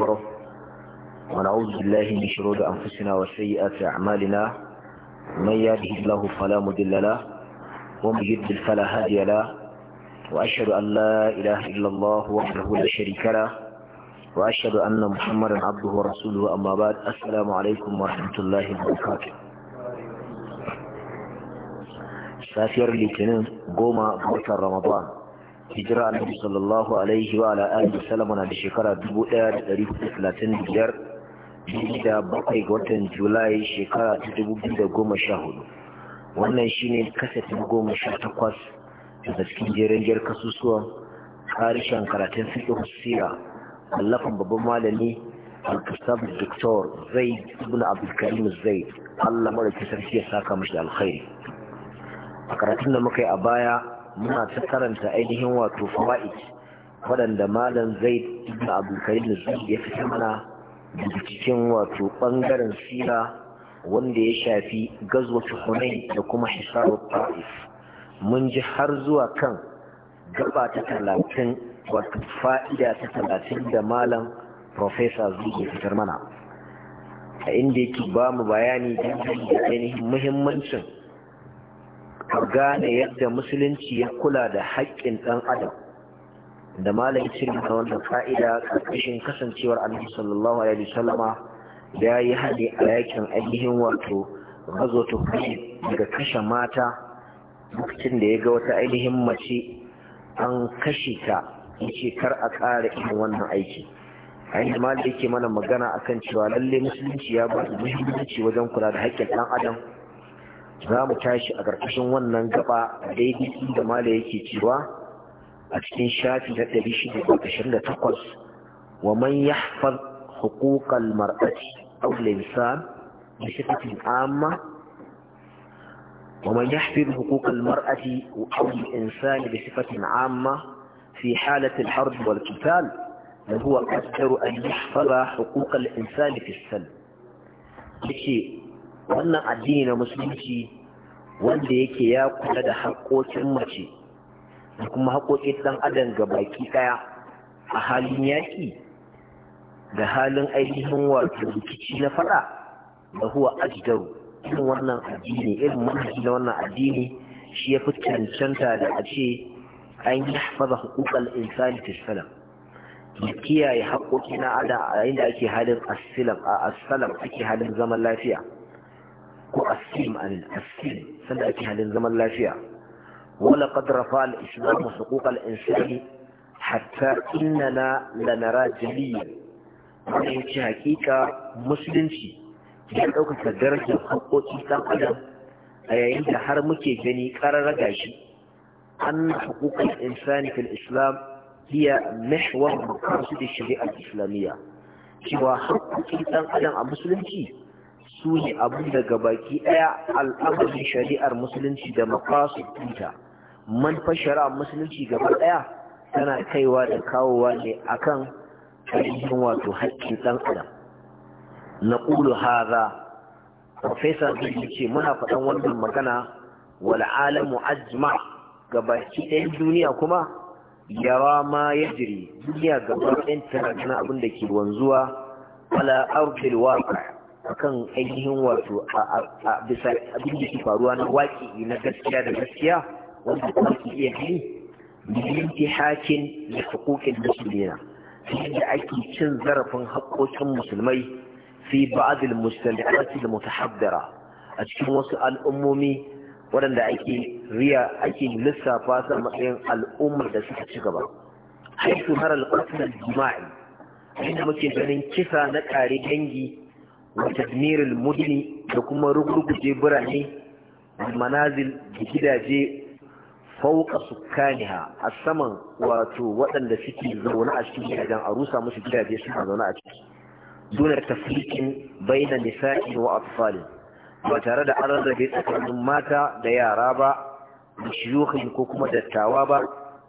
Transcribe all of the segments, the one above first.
مرض ونعوذ بالله من شرور أنفسنا وسيئات أعمالنا من يهده الله فلا مضل له ومن يضلل فلا هادي له وأشهد أن لا إله إلا الله وحده لا شريك له وأشهد أن محمدا عبده ورسوله أما بعد السلام عليكم ورحمة الله وبركاته سافر لتنين قوم بوتر رمضان hijira annabi sallallahu alaihi wa ala alihi sallama na da shekara 1435 da bakwai ga watan julai shekara ta 2014 wannan shine kasatin goma sha takwas daga cikin jerin jiyar kasusuwan karishen karatun fiƙe sira allafin babban malami al-kasab doktor zaid ibn abdulkarim Zai, allah mara sarki ya saka mashi da alkhairi a karatun da muka yi a baya muna ta karanta ainihin wato fawaid waɗanda malam zai ibn abdulkarim zaid ya fita mana daga cikin wato ɓangaren sira wanda ya shafi gazwatu hunai da kuma hisaru ta'if mun ji har zuwa kan gaba ta talatin wato fa'ida ta talatin da malam profesa zai fitar mana a inda yake ba mu bayani da ainihin muhimmancin ka gane yadda musulunci ya kula da haƙƙin ɗan adam da malam ya cire ta wannan fa'ida ƙarƙashin kasancewar annabi sallallahu alaihi wasallama ya yi haɗe a yakin ainihin wato gazo ta daga kashe mata lokacin da ya ga wata ainihin mace an kashe ta yace kar a ƙara irin wannan aiki ainihin malam yake mana magana a kan cewa lalle musulunci ya ba su muhimmanci wajen kula da haƙƙin ɗan adam za mu tashi a ƙarƙashin wannan gaba daidai da mala yake cewa a cikin shafi na ɗari shida da ashirin da takwas wa man yahfaz huquqal mar'ati aw al-insan bi sifatin amma wa man yahfaz huquqal mar'ati aw al-insan bi sifatin amma fi halati al-harb wal qital lahu aqdaru an yahfaza huquqal insan fi al-salb wannan addini na musulunci wanda yake ya kula da haƙoƙin mace da kuma haƙoƙin ɗan adam ga baki ɗaya a halin yaƙi da halin ainihin wato rikici na faɗa da huwa ajidaru irin wannan addini irin manhaji na wannan addini shi ya fi cancanta da a ce an yi hafaza hukukan insani fi ya kiyaye haƙoƙi na ada a yayin da ake halin asalam ake halin zaman lafiya ko asim anin asim sanda ake halin zaman lafiya wala qad rafa al islam huquq al insani hatta innana lanara jaliyan wannan yace hakika musulunci ya ɗaukaka darajar haƙoƙi ɗan adam a yayin da har muke gani ƙararra gashi an haƙoƙin insani fil islam hiya mihwar makasu da shari'ar islamiyya cewa haƙoƙin ɗan adam a musulunci su ne abin daga baki ɗaya al'amarin shari'ar musulunci da makasu tuta manufar shari'ar musulunci gaba ɗaya tana kaiwa da kawowa ne akan ainihin wato haƙƙin ɗan adam na ƙulu haza profesa zai ce muna faɗan wannan magana wal alamu ajma ga baki ɗayan duniya kuma yawa ma ya jiri duniya gaba ɗayan tana abin da ke wanzuwa ala ardil waqa akan ainihin wato a bisa abin da ke faruwa na waki na gaskiya da gaskiya wanda kuma ke iya gani bilinti hakin da hukukin musulmina yadda ake cin zarafin haƙoƙin musulmai fi ba'adil mustali'ati da mutahaddara a cikin wasu al'ummomi waɗanda ake riya ake lissafa su a matsayin al'ummar da suka ci gaba haifu har alƙasar jimai inda muke ganin kisa na ƙare dangi wa tadmiril mudni da kuma rugurguje birane wal manazil da gidaje fauka sukkaniha a saman wato waɗanda suke zaune a ciki gidajen a rusa musu gidaje suna zaune a ciki dunar taflikin baina nisa'in wa atfalin ba tare da an rarrabe tsakanin mata da yara ba da ko kuma dattawa ba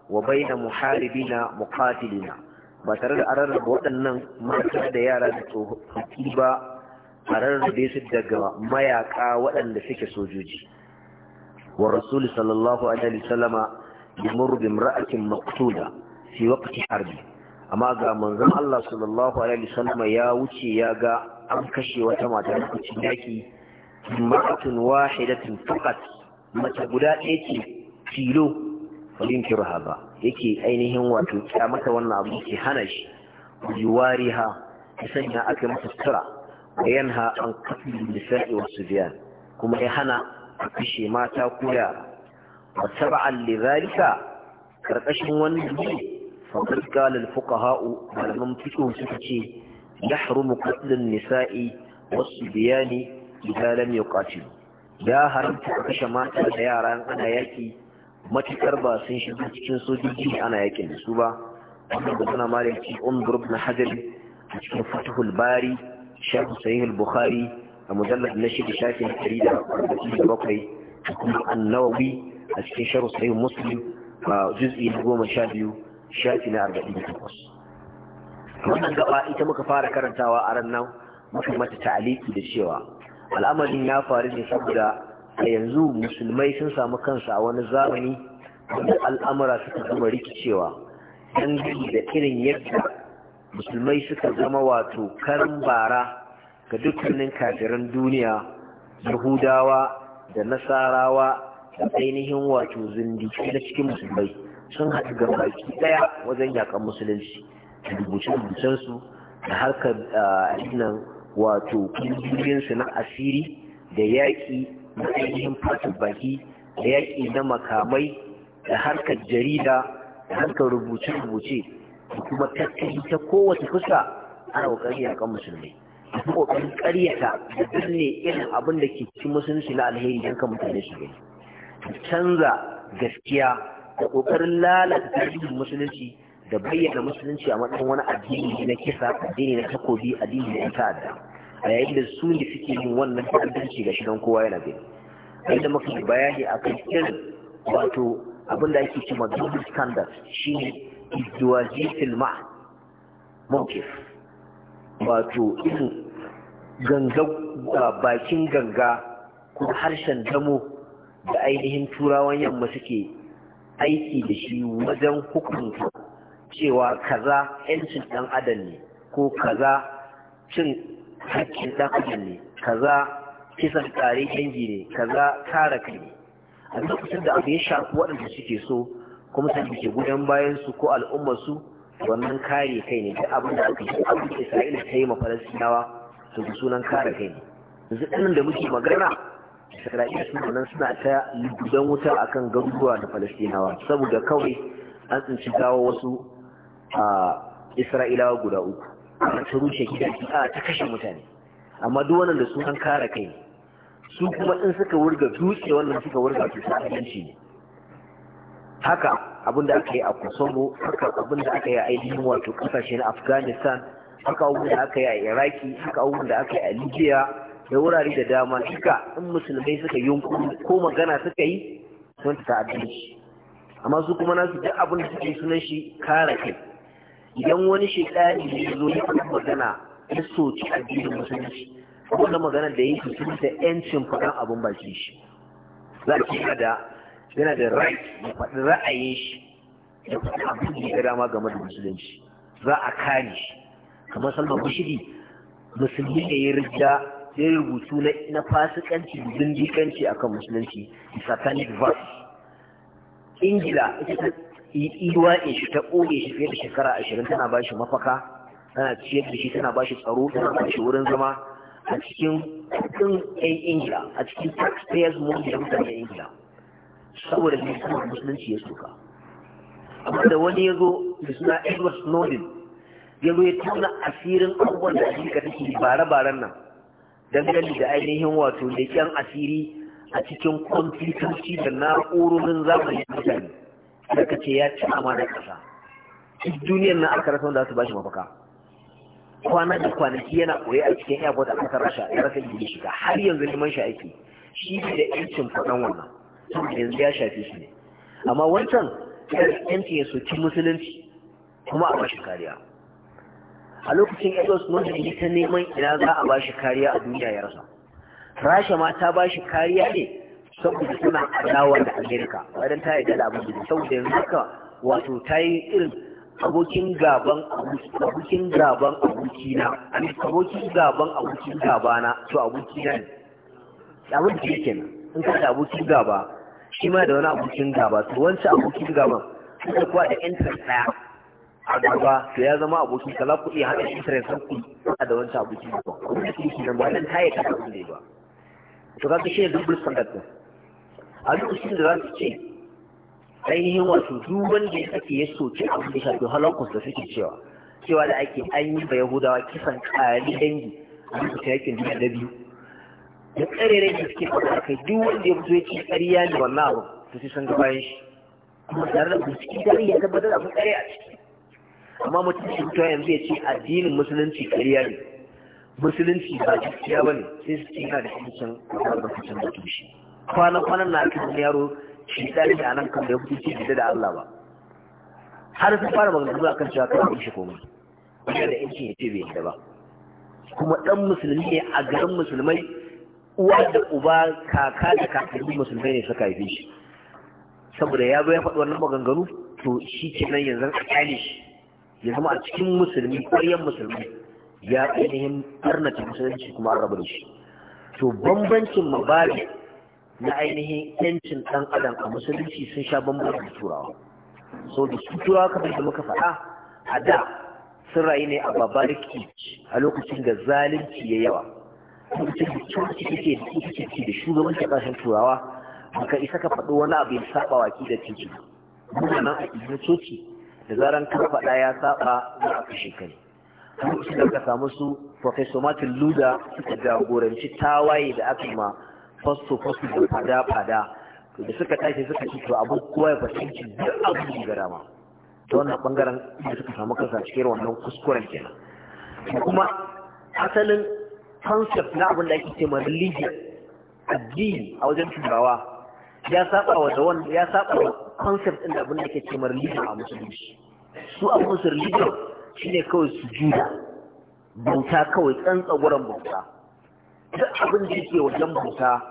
wa baina muharibina muqatilina ba tare da an rarrabe waɗannan mata da yara da tsofaffi ba a su daga mayaka waɗanda suke sojoji wa rasulu sallallahu alaihi wasallama yamuru bi imra'atin maqtula fi waqti harbi amma ga manzon Allah sallallahu alaihi wasallama ya wuce ya ga an kashe wata mata da cikin yaki imra'atun wahidatin faqat mata guda ɗaya ce tilo falin ba yake ainihin wato kyamata wannan abu ke hana shi yuwariha ya sanya aka masa sutura yanha an kafin lissafi wasu biyan kuma ya hana kashe mata ko yara ba saba allizarika karkashin wani biyu faɗin galil fuka ha'u malaman fito suka ce ya haru mu kafin lissafi wasu biya ne idalan ya kwaci ya haramta kashe mata da yara ana yaki matukar ba sun shiga cikin sojoji ana yakin su ba wannan ba suna mara yaki on na hajjari a cikin fatihul bari shafi sahih bukhari a mujallar na shida shafin ɗari da arba'in da bakwai da kuma annawawi a cikin sharu sahih muslim a juz'i na goma sha biyu shafi na arba'in da takwas wannan gaba ita muka fara karantawa a ran nan muka mata ta'aliki da cewa al'amarin ya faru ne saboda a yanzu musulmai sun samu kansu a wani zamani wanda al'amura suka zama rikicewa dangane da irin yadda musulmai suka zama wato karin bara ga dukkanin kafiran duniya yahudawa da nasarawa da ainihin wato zindi na cikin musulmai sun haɗu ga baki ɗaya wajen yakan musulunci da rubuce-rubucensu da harkar nan wato kungiyoyinsu na asiri da yaƙi na ainihin fatan baki da yaƙi na makamai da harkar jarida da harkar rubuce-rubuce da kuma tattali ta kowace kusa ana ƙoƙarin yakan musulmai kokarin karyata da danne irin abin da ke cikin musulunci na alheri don kan mutane su gani canza gaskiya da kokarin lalata tarihin musulunci da bayyana musulunci a matsayin wani addini na kisa addini na takobi addini na ta'adda a yayin da su ne suke yin wannan ta'addanci ga shigan kowa yana gani a yadda muka yi bayani a kan irin wato abin da ake ce ma double standard shine izduwaji filma mawkif wato irin ganga bakin ganga ko harshen damo da ainihin turawan yamma suke aiki da shi wajen hukunta cewa kaza 'yancin ɗan adam ne ko kaza cin hakkin ɗan adam ne kaza kisan tsare dangi ne kaza kare kai ne a lokacin da abu ya shafi waɗanda suke so kuma sun gudan bayansu ko al'ummar su wannan kare kai ne duk abin da aka yi abin da isra'ila ta yi ma su to sunan kare kai ne yanzu ɗanin da muke magana isra'ila sun nan suna ta gudan wuta akan garuruwa da falastinawa saboda kawai an tsinci gawo wasu a isra'ilawa guda uku a ta rushe gidaje a ta kashe mutane amma duk wannan da sunan kare kai ne su kuma in suka wurga dutse wannan suka wurga su sa'adanci ne haka abin da aka yi a kosovo haka abin da aka yi a ainihin wato kasashe na afghanistan haka abin da aka yi a iraki haka abin da aka yi a libya da wurare da dama duka in musulmai suka yunkuri ko magana suka yi sun ta abinci amma su kuma nasu duk abin da suke sunan shi kare kai idan wani shekari ne zo ya faɗi magana ya soci addinin musulunci wannan magana da yake sun da yancin faɗan abin baki shi za a da yana da right ya faɗi ra'ayin shi ya faɗi abin da ya dama game da musulunci za a kare shi kamar salma bashiri musulmi ne ya rija ya rubutu na fasikanci zindikanci akan musulunci satanic verse ingila ita ta iwa shi ta ƙone shi fiye da shekara ashirin tana ba shi mafaka tana ciyar da shi tana ba shi tsaro tana ba shi wurin zama a cikin kudin 'yan ingila a cikin taxpayers money da mutanen ingila saboda bai san musulunci ya suka amma da wani ya zo da suna Edward Snowden ya zo ya tuna asirin abubuwan da Amurka take bare-baren nan dangane da ainihin wato leƙen asiri a cikin kwamfutoci da na'urorin zamani mutane da ka ce ya ci da ƙasa duk duniyar na aka rasa wanda su ba shi mafaka kwana da kwanaki yana koyi a cikin airport a ƙasar rasha ya rasa ingilishi shiga har yanzu neman shi aiki shi da yancin faɗan wannan saboda yanzu ya shafe su ne amma wancan yanci ya soki musulunci kuma a bashi kariya a lokacin edos wanda yi ta neman ina za a bashi kariya a duniya ya rasa rasha ma ta bashi kariya ne saboda suna adawa da amerika wadda ta yi da abin da saboda yanzu ka wato ta yi irin abokin gaban abokin gaban abokina abokin gaban abokin gabana to abokina ne abin da yake nan in ka da abokin gaba shi ma da wani abokin gaba to wancan abokin gaban suka kuwa da yan ɗaya a gaba to ya zama abokin ka za ku iya haɗa interest ɗin ku da wancan abokin gaba abin da kike nan ba nan ta yi kasa ne ba to kaga shi ne double standard ɗin a lokacin da za su ce ainihin wato duk wanda ya sake ya soke abin da shafi halakus da suke cewa cewa da ake an yi ba yahudawa kisan ƙari dangi a shi yakin duniya na biyu da tsare da suke faɗa kai duk wanda ya fito ya ce ƙarya ne wannan abu to sai sun ga shi kuma tare da bincike da ya tabbatar abin ƙarya a ciki amma mutum shi fito yanzu ya ce addinin musulunci ƙarya ne musulunci ba gaskiya ba ne sai su ci yana da hadisin albarkacin da tushe kwana-kwanan na aka zama yaro shi tsari da nan kan da ya fito gida da Allah ba har sun fara maganganu kan cewa kan abin shi komai wanda da yanci ya ce bai da ba kuma ɗan musulmi ne a garin musulmai uwa da uba kaka da kakanni musulmai ne suka haife shi saboda ya zo ya faɗi wannan maganganu to shi kenan yanzu a kyale shi ya zama a cikin musulmi ƙwaryen musulmi ya ainihin karnata musulunci kuma an rabu da shi to bambancin mabari na ainihin yancin ɗan adam a musulunci sun sha bambancin turawa saboda da su turawa kamar da muka faɗa a da sun rayu ne a babalik a lokacin da zalunci ya yawa lokacin da coci take da ita ce da shugabancin ƙasashen turawa baka isa ka faɗo wani abu ya saba wa da titi muna a cikin coci da zaran ka faɗa ya saba za a kashe ka ne da ka samu su professor martin luther suka jagoranci tawaye da aka ma fasto fasto da fada fada da suka tashi suka ci to abu kowa ya fahimci duk abu da dama ta wannan bangaren da suka samu kansa cikin wannan kuskuren kenan kuma asalin concept na abin da ake ce ma religion addini a wajen turawa ya saba wa da wanda ya saba wa concept din da abin da ake ce ma religion a musulunci su a musu religion shine kawai su jida, bauta kawai tsantsa wurin bauta duk abin da yake wajen bauta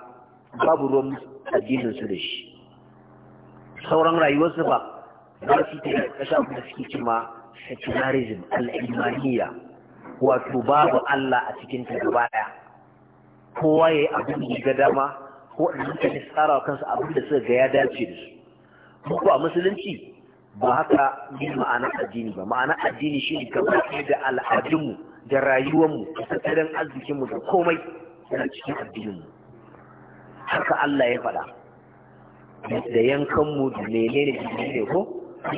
babu ruwan addinin su da shi sauran rayuwarsu ba za su ta kashe abin da suke cima secularism al'imaniya wato babu Allah a cikin ta gaba daya kowa yayi abin da ga dama ko in suka ne tsara kansu abin da suka ga ya dace da su ko a musulunci ba haka ne ma'ana addini ba ma'ana addini shi ne gaba da al'adunmu da rayuwarmu da tattalin arzikinmu da komai yana cikin addininmu haka Allah ya faɗa da yankanmu da menene da ko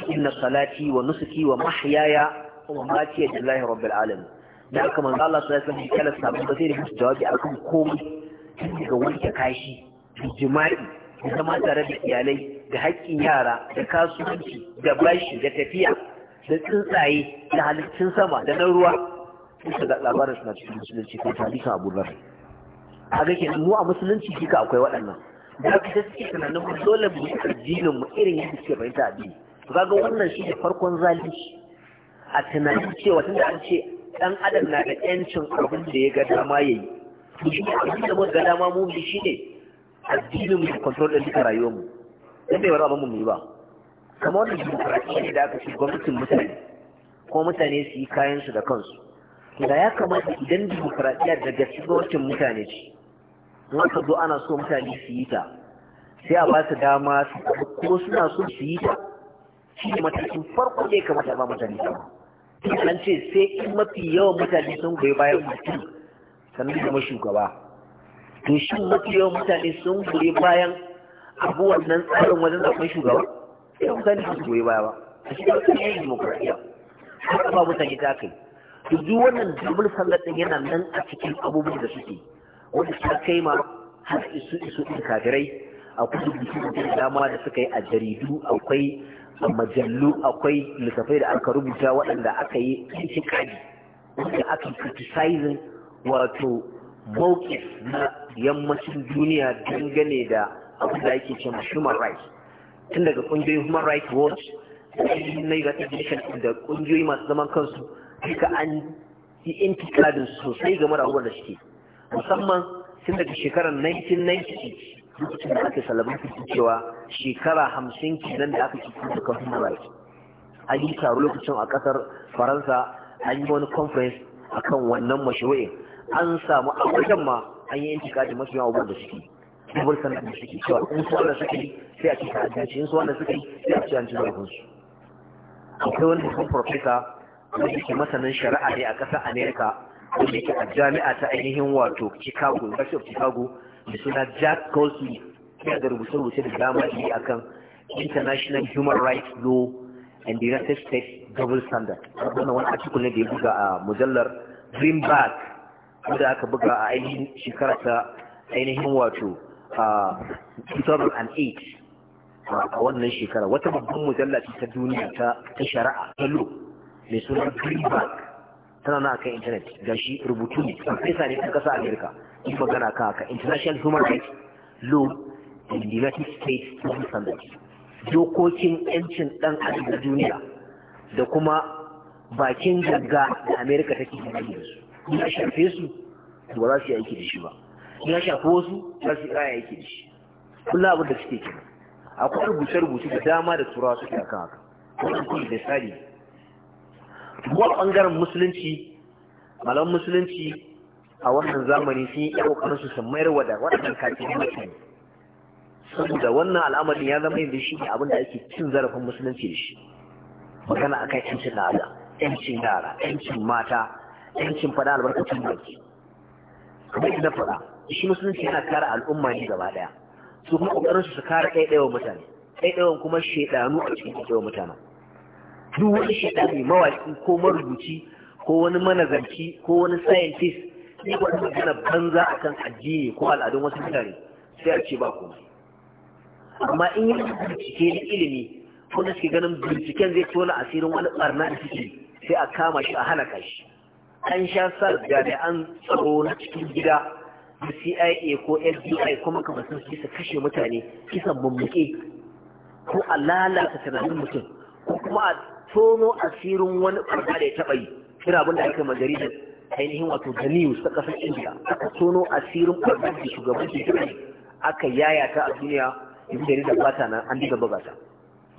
inna salati wa nusuki wa mahyaya wa matiya lillahi rabbil alamin da aka manzo Allah sai alaihi wasallam kala sabon da sai da musu jawabi akan komai tun daga wanke kashi jima'i da zama tare da iyalai da haƙƙin yara da kasuwanci da bashi da tafiya da tsuntsaye da halittun sama da na ruwa duka ga labarin suna cikin musulunci ko tarihin abu a ga kenan mu a musulunci kika akwai waɗannan da ka suke tunanin mu dole mu yi addinin mu irin yadda suke bayyana addini kaga wannan shi ne farkon zalunci a tunanin cewa tunda an ce Ɗan adam na da ƴancin abin da ya ga dama ya yayi shi abin da muka ga dama mu bi shi ne addinin mu control ɗin duka rayuwar mu dan bai wara abin mu ba kamar wannan demokrasiya ne da aka ce gwamnatin mutane ko mutane su yi kayan su da kansu to da ya kamata idan demokrasiya da gaske mutane ce in aka zo ana so mutane su yi ta sai a ba su dama su ko suna so su yi ta shi ne matakin farko ne kamata a ba mutane dama an ce sai in mafi yawan mutane sun goyi bayan mutum sannan kuma shugaba to shi mafi yawan mutane sun goyi bayan abu wannan tsarin wajen zaɓen shugaba sai mutane sun goyi baya ba a shi ɗauki ne a haka ba mutane ta kai to duk wannan dubul sallar ɗin yana nan a cikin abubuwan da suke wanda ta kai ma har isu isu ɗin kafirai akwai rubutu da dama da suka yi a jaridu akwai majallu akwai littafai da aka rubuta waɗanda aka yi itikadi da aka criticizing wato mawqif na yammacin duniya dangane da abu da ake cewa human rights tun daga ƙungiyoyin human rights watch da united nations da ƙungiyoyi masu zaman kansu duka an yi intikadin sosai game da abubuwan da suke musamman tun daga shekarar 1990 lokacin da aka salabar su cewa shekara hamsin kenan da aka cikin da kan human rights an yi taro lokacin a kasar faransa an yi wani conference a kan wannan mashru'in an samu a wajen ma an yi kaji masu yawa wanda suke dubar sanar da suke cewa in su wanda suke yi sai a cikin adalci in su wanda suke yi sai a cikin adalci zarafin su akwai wani babban profesa wanda yake masanin shari'a ne a ƙasar america wanda yake a jami'a ta ainihin wato chicago university of chicago da suna jack colson yana da rubuce-rubuce da dama ne kan international human rights law and the united states double standard wannan wani article ne da ya buga a mujallar greenback wanda aka buga a ainihin shekara ta ainihin wato a 2008 a wannan shekara wata babban mujalla ce ta duniya ta shari'a ta law mai suna greenback tana na akan intanet ga shi rubutu ne farfesa ne ta kasa amerika yi magana kan haka international human rights law in the united states sun standards dokokin yancin dan adam da duniya da kuma bakin gagga da america take yi da su ya shafe su ba za su yi aiki da shi ba ya shafe wasu za su yi aiki da shi kullum abin da suke kenan akwai rubuce-rubuce da dama da turawa suke akan haka wannan kuma da tsari kuma bangaren musulunci malaman musulunci a wannan zamani sun yi ƙoƙarin su sun mayar wa da waɗannan kafirin mutane saboda wannan al'amarin ya zama yanzu shi ne abin da ake cin zarafin musulunci da shi magana akan ƴancin nada yancin yara yancin mata yancin faɗa albarkacin baki kamar ina faɗa shi musulunci yana kare al'umma ne gaba ɗaya su kuma ƙoƙarin su kare ɗaiɗaiwa mutane ɗaiɗaiwan kuma shaidanu a cikin ɗaiɗaiwa mutane duk wani shaidani mawaƙi ko marubuci ko wani manazarci ko wani scientist sai wani banza a kan addini ko al'adun wasu mutane sai a ce ba komai amma in yi bincike na ilimi na suke ganin binciken zai tona asirin wani barna da suke sai a kama shi a halaka shi an sha sa jami'an tsaro na cikin gida da CIA ko FBI kuma kamar sun kisa kashe mutane kisan mummuke ko a lalata tunanin mutum ko kuma a tono asirin wani barna da ya taɓa yi kira abin da aka majalisar ainihin wato ganiyu ta kasar indiya aka tono asirin ɓargar da shugaban jirgin aka yaya ta a duniya inda da bata na an diga buga ta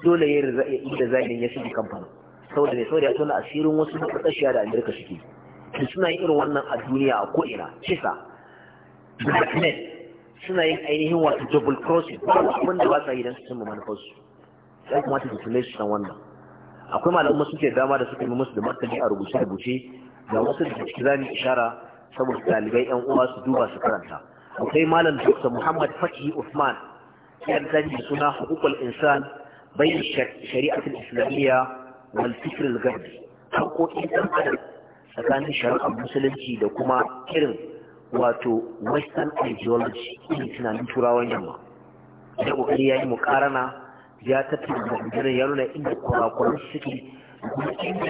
dole ya yi da zainin ya shige kamfanin saboda ne saboda ya tona asirin wasu na ƙasashiya da amerika suke da suna yin irin wannan a duniya a ko'ina kisa blackmail suna yin ainihin wato double crossing abin da ba sa yi su cimma manufarsu ya kamata su tunai su san wannan akwai malaman suke dama da suka yi musu da martani a rubuce-rubuce ga wasu da ciki zamu ishara saboda dalibai yan uwa su duba su karanta akwai malam Dr. Muhammad Fatih Usman, yan da suna hukukul insan bayin shari'atul islamiyya wal fikr al gharbi haƙoƙin ɗan adam tsakanin shari'ar musulunci da kuma irin wato western ideology irin tunanin turawan yamma da ƙoƙari ya yi muƙarana ya tattara da ya nuna inda kurakuran suke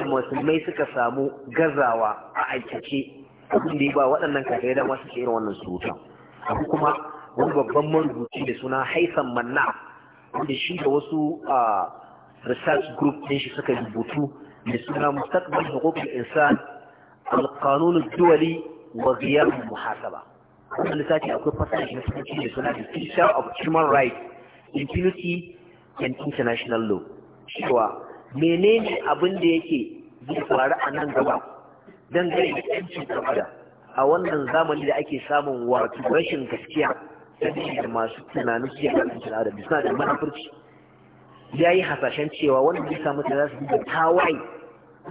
musulmai suka samu gazawa a aikace abin ba waɗannan kafirai dama suke irin wannan surutan abu kuma wani babban marubuci da suna haifan manna wanda shi da wasu research group ɗin shi suka rubutu da suna mustaqbal huququl insan al-qanun ad-dawli wa ghiyab muhasaba wannan lissafi akwai fasaha shi na da suna the future of human rights impunity and international law cewa menene abin da yake zai faru a nan gaba don gari da yancin a wannan zamani da ake samun wato rashin gaskiya da masu tunanin su yana da tunanin da suna da manafurci ya yi hasashen cewa wanda zai samu da za su da tawaye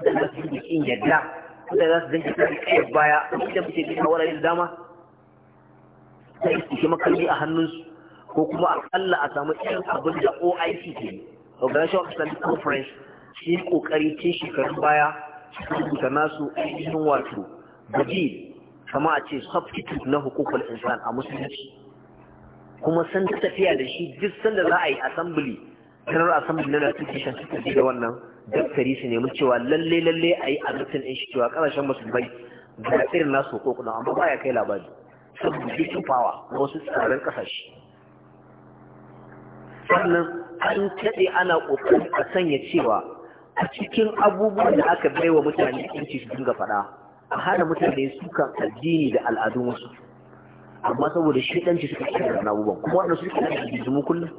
da za su dinga kin yadda da za su dinga kai baya da muke gina wurare da dama sai su kuma kalli a hannunsu ko kuma akalla a samu irin abin da OIC ke Organization of Islamic Conference sai kokari ce shekarun baya su rubuta nasu ainihin wato gaji kama a ce substitute na hukukul insan a musulunci kuma sun tafiya da shi duk sanda za a yi assembly kanar assembly na notification suka ji da wannan daftari su nemi cewa lalle lalle a yi adoptin 'yan shi cewa ƙasashen musulmai ga irin nasu hukukul amma baya kai labari saboda jikin na wasu tsarin kasashe. sannan an taɗe ana ƙoƙarin a sanya cewa a cikin abubuwan da aka baiwa mutane yanci su dinga faɗa a hana mutane sukan addini da al'adun wasu amma saboda shi ɗanci suka ci da abubuwan kuma wannan suke da mu kullum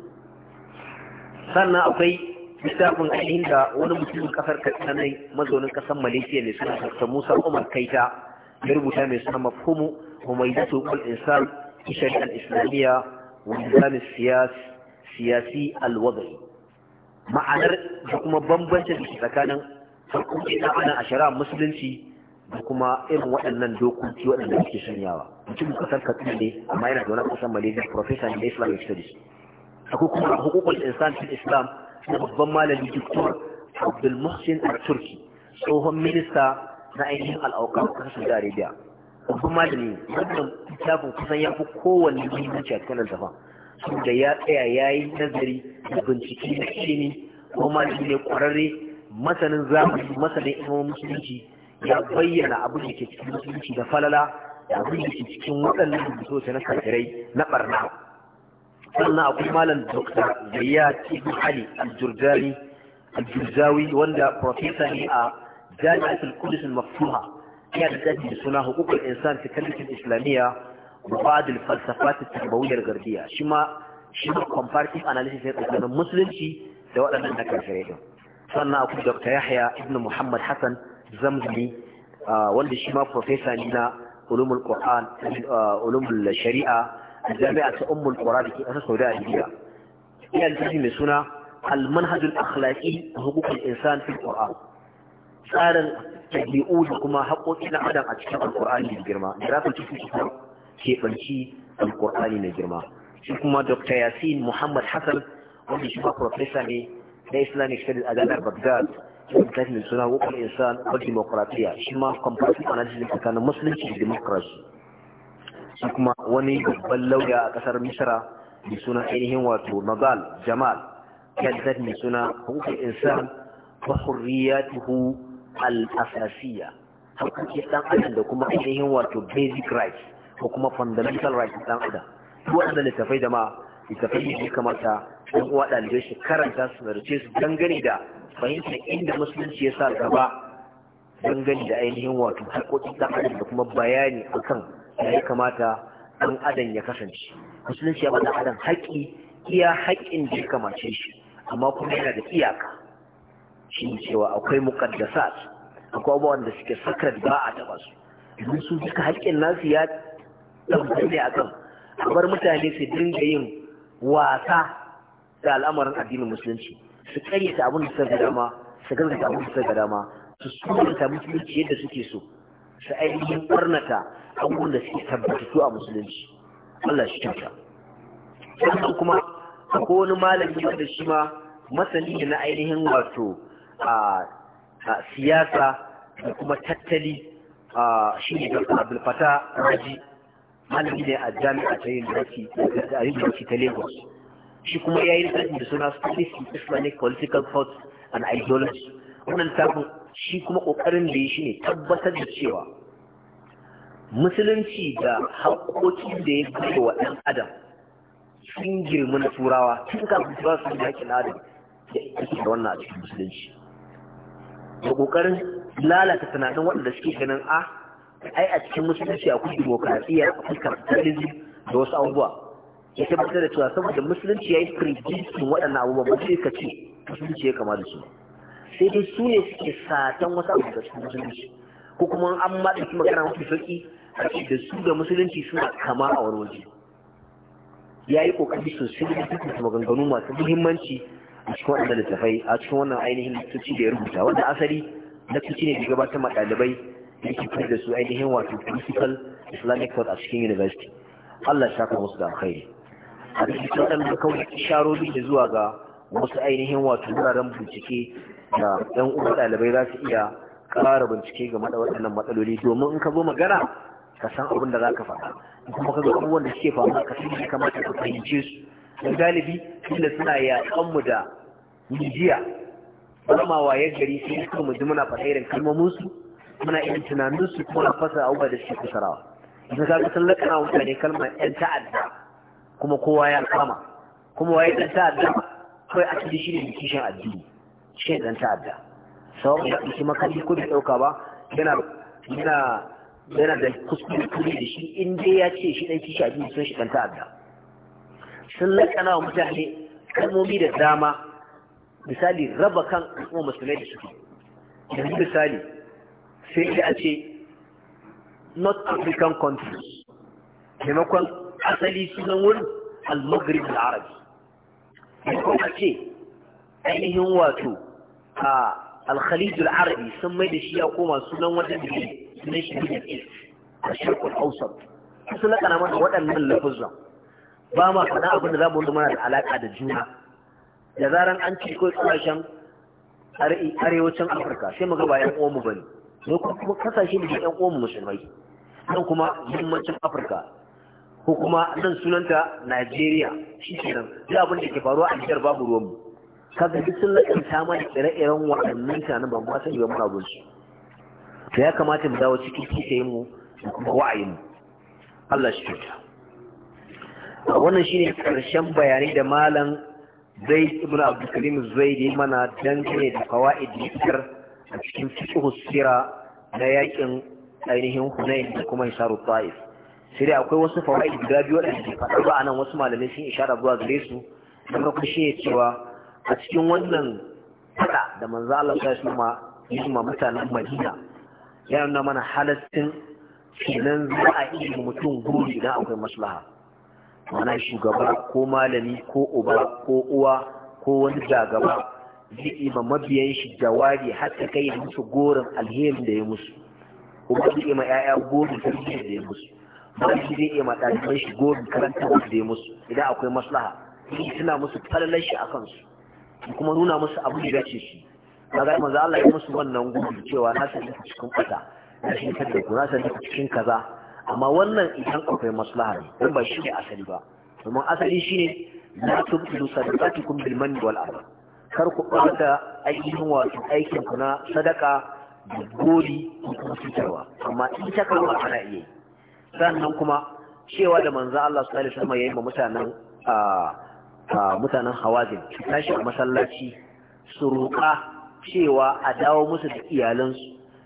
sannan akwai littafin ainihin da wani mutumin kasar katsina ne mazaunin kasar malaysia ne suna sassa musa umar kaita ya rubuta mai suna mafhumu humaidatu kul insan fi shari'ar islamiyya wa nizam siyasi al-wada'i ma'anar da kuma bambancin da tsakanin hukuncin da ana a musulunci da kuma irin waɗannan dokoki waɗanda suke sanyawa mutum san katsina ne amma yana zaune kusan malaysia professor ne islamic studies akwai kuma hukukul insan fil islam na babban malami doctor abdul muhsin al-turki tsohon minista na ainihin al'aukar kasar saudi arabia babban malami wannan littafin kusan ya fi kowanne muhimmanci a cikin littafin da ya tsaya ya yi nazari da bincike da ne kuma malami ne kwararre masanin zamani masanin ilimin musulunci ya bayyana abin da ke cikin musulunci da falala da abin da ke cikin waɗannan rubutoci na kafirai na ɓarna sannan akwai malam dr zayyad ibn ali al-jurdani wanda profesa ne a jami'atul qudus al-maftuha yana da suna hukukul insan fi islamiyya بعض الفلسفات التربوية الغربية شما شما comparative analysis tsakanin musulunci da waɗannan na kafirai sannan akwai Dr. Yahya ibn Muhammad Hassan Zamzumi wanda shi ma professor ne na ulumul Qur'an ulumul shari'a jami'a ta Ummul Qura da ke ƙasar Saudi Arabia ina da mai suna almanhajin manhajul akhlaqi huququl insan fil Qur'an tsarin tabi'u da kuma haƙoƙi na adam a cikin Al-Qur'ani girma da rafa cikin keɓanci alƙur'ani mai girma shi kuma dr yasin muhammad hassan wanda shi ma profesa ne na islamic studies a jami'ar baghdad littafi mai suna hukun insan ko demokratiya shi ma comparative analysis tsakanin musulunci da democracy shi kuma wani babban lauya a ƙasar misra mai suna ainihin wato nazal jamal ya tafi mai suna hukun insan wa hurriyatuhu al-asasiyya hakuki dan adam da kuma ainihin wato basic rights ko kuma fundamental rights ɗan adam duk wanda littafai da ma littafai ne kamata ɗan uwa ɗalibai su karanta su zarce su dangane da fahimtar inda musulunci ya sa gaba dangane da ainihin wato haƙoƙin ɗan adam da kuma bayani akan ya kamata ɗan adan ya kasance musulunci ya ba ɗan adam haƙƙi iya haƙƙin da ya kamace shi amma kuma yana da iyaka shi cewa akwai muƙaddasat akwai abubuwan da suke da ba a taɓa su idan su duka haƙƙin nasu ya ɗaukalle a kan a bar mutane su dinga yin wasa da al'amarin addinin musulunci su karyata abin da suka ga dama su gaskata abin da suka ga dama su sunanta musulunci yadda suke so su ainihin barnata abubuwan da suke tabbatattu a musulunci Allah shi kyauta sannan kuma akwai wani malami wanda shi ma masani ne na ainihin wato a siyasa da kuma tattali shi ne da Abdul Raji malami ne a jami'a ta yin da ta lagos shi kuma ya yi littafi da suna studies in islamic political thought and ideology wannan littafin shi kuma kokarin da ya shi ne tabbatar da cewa musulunci da haƙoƙin da ya kai wa ɗan adam sun girma na turawa tun kafin turawa sun da adam da ake da wannan a cikin musulunci da ƙoƙarin lalata tunanin waɗanda suke ganin a ah, ai a cikin musulunci akwai demokradiyya akwai capitalism da wasu abubuwa ya tabbatar da cewa saboda musulunci ya yi kirjistin waɗannan abubuwa ba sai ka ce musulunci ya kama da su sai dai su ne suke satan wasu abu da cikin musulunci ko kuma an ma ɗauki magana mafi sauƙi a ce da su da musulunci suna kama a wani waje ya yi ƙoƙari sosai da duk maganganu masu muhimmanci a cikin waɗannan littafai a cikin wannan ainihin littafi da ya rubuta wanda asali na ne da gabatar ma ɗalibai da yake kai da su ainihin wato principal islamic court a cikin university Allah ya saka musu da alkhairi a cikin waɗannan kawai isharobi da zuwa ga wasu ainihin wato wuraren bincike da ɗan uwa ɗalibai za su iya ƙara bincike ga da waɗannan matsaloli domin in ka zo magana ka san abin da za ka faɗa kuma ka ga abubuwan da suke faruwa ka san ya kamata ka fahimce su don galibi tunda suna yaƙan mu da mijiya ba ma wayar gari sai suka mu ji muna faɗa irin kalmomin muna iya tunanin su kuma fasa abubuwa da suke kusurawa idan ka kusan lakana mutane kalmar yan ta'adda kuma kowa ya kama kuma waye dan ta'adda kawai a cikin shine kishin addini shi dan ta'adda sau da shi makali ko da ɗauka ba yana yana yana da kuskure kuri da shi in dai ya ce shi dan kishin addini sun shi dan ta'adda sun lakana wa mutane kalmomi da dama misali raba kan al'ummar musulmai da suke yanzu misali sai a ce north african countries maimakon asali sunan wurin al-maghrib al-arabi maimakon a ce ainihin wato a al-khalij al-arabi sun mai da shi ya koma sunan wata da sunan shi da east a shirkul hausar su lakana mana waɗannan lafuzan ba ma faɗa abin da za mu mana da alaƙa da juna da zaran an ce kawai ƙasashen arewacin afirka sai mu ga ba 'yan uwanmu ba ne mu kuma kasashe da yan uwan musulmai nan kuma yammacin Afirka ko kuma nan sunanta Najeriya shi kenan duk abin da ke faruwa a jihar babu ruwan mu kaga duk sun lakanta da ire-iren waɗannan tunanin ba ma sani ba muna gunsu to ya kamata mu dawo cikin kisayen mu da kuma wa'ayin mu Allah shi kyauta wannan shine karshen bayanai da malam Zaid ibn abdulkarim zai yi mana dangane da fawaid da a cikin fiqh sira na yakin ainihin Hunain da kuma Hisaru Taif sai dai akwai wasu fawaid guda biyu da ke faɗa ba anan wasu malamai sun isharar zuwa gare su da farko shi cewa a cikin wannan fada da manzo Allah ya shi ma yi mutanen Madina ya nuna mana halaccin kenan za a iya mutum guri idan akwai maslaha mana shugaba ko malami ko uba ko uwa ko wani jagaba zai ma mabiyan shi jawabi har ta kai musu gorin alherin da ya musu kuma zai ma yaya gorin tarbiyyar da ya musu malami zai iya ma ɗaliban shi gorin karanta da ya musu idan akwai maslaha suna musu falalar shi a kansu kuma nuna musu abu da dace shi kaga manzo Allah ya musu wannan gudu cewa na san ku cikin kaza na shi kada ku na san ku cikin kaza amma wannan idan akwai maslaha ne dan ba shi ne asali ba domin asali shine la tubdu sadaqatukum bil manni wal adha kar ku ɓata ainihin wato aikin na sadaka da gori ko kuma cutarwa amma in ta kawo ana iya yi sannan kuma cewa da manzo Allah sallallahu alaihi wasallam yayin mutanen a mutanen Hawazin tashi a masallaci su roƙa cewa a dawo musu da iyalansu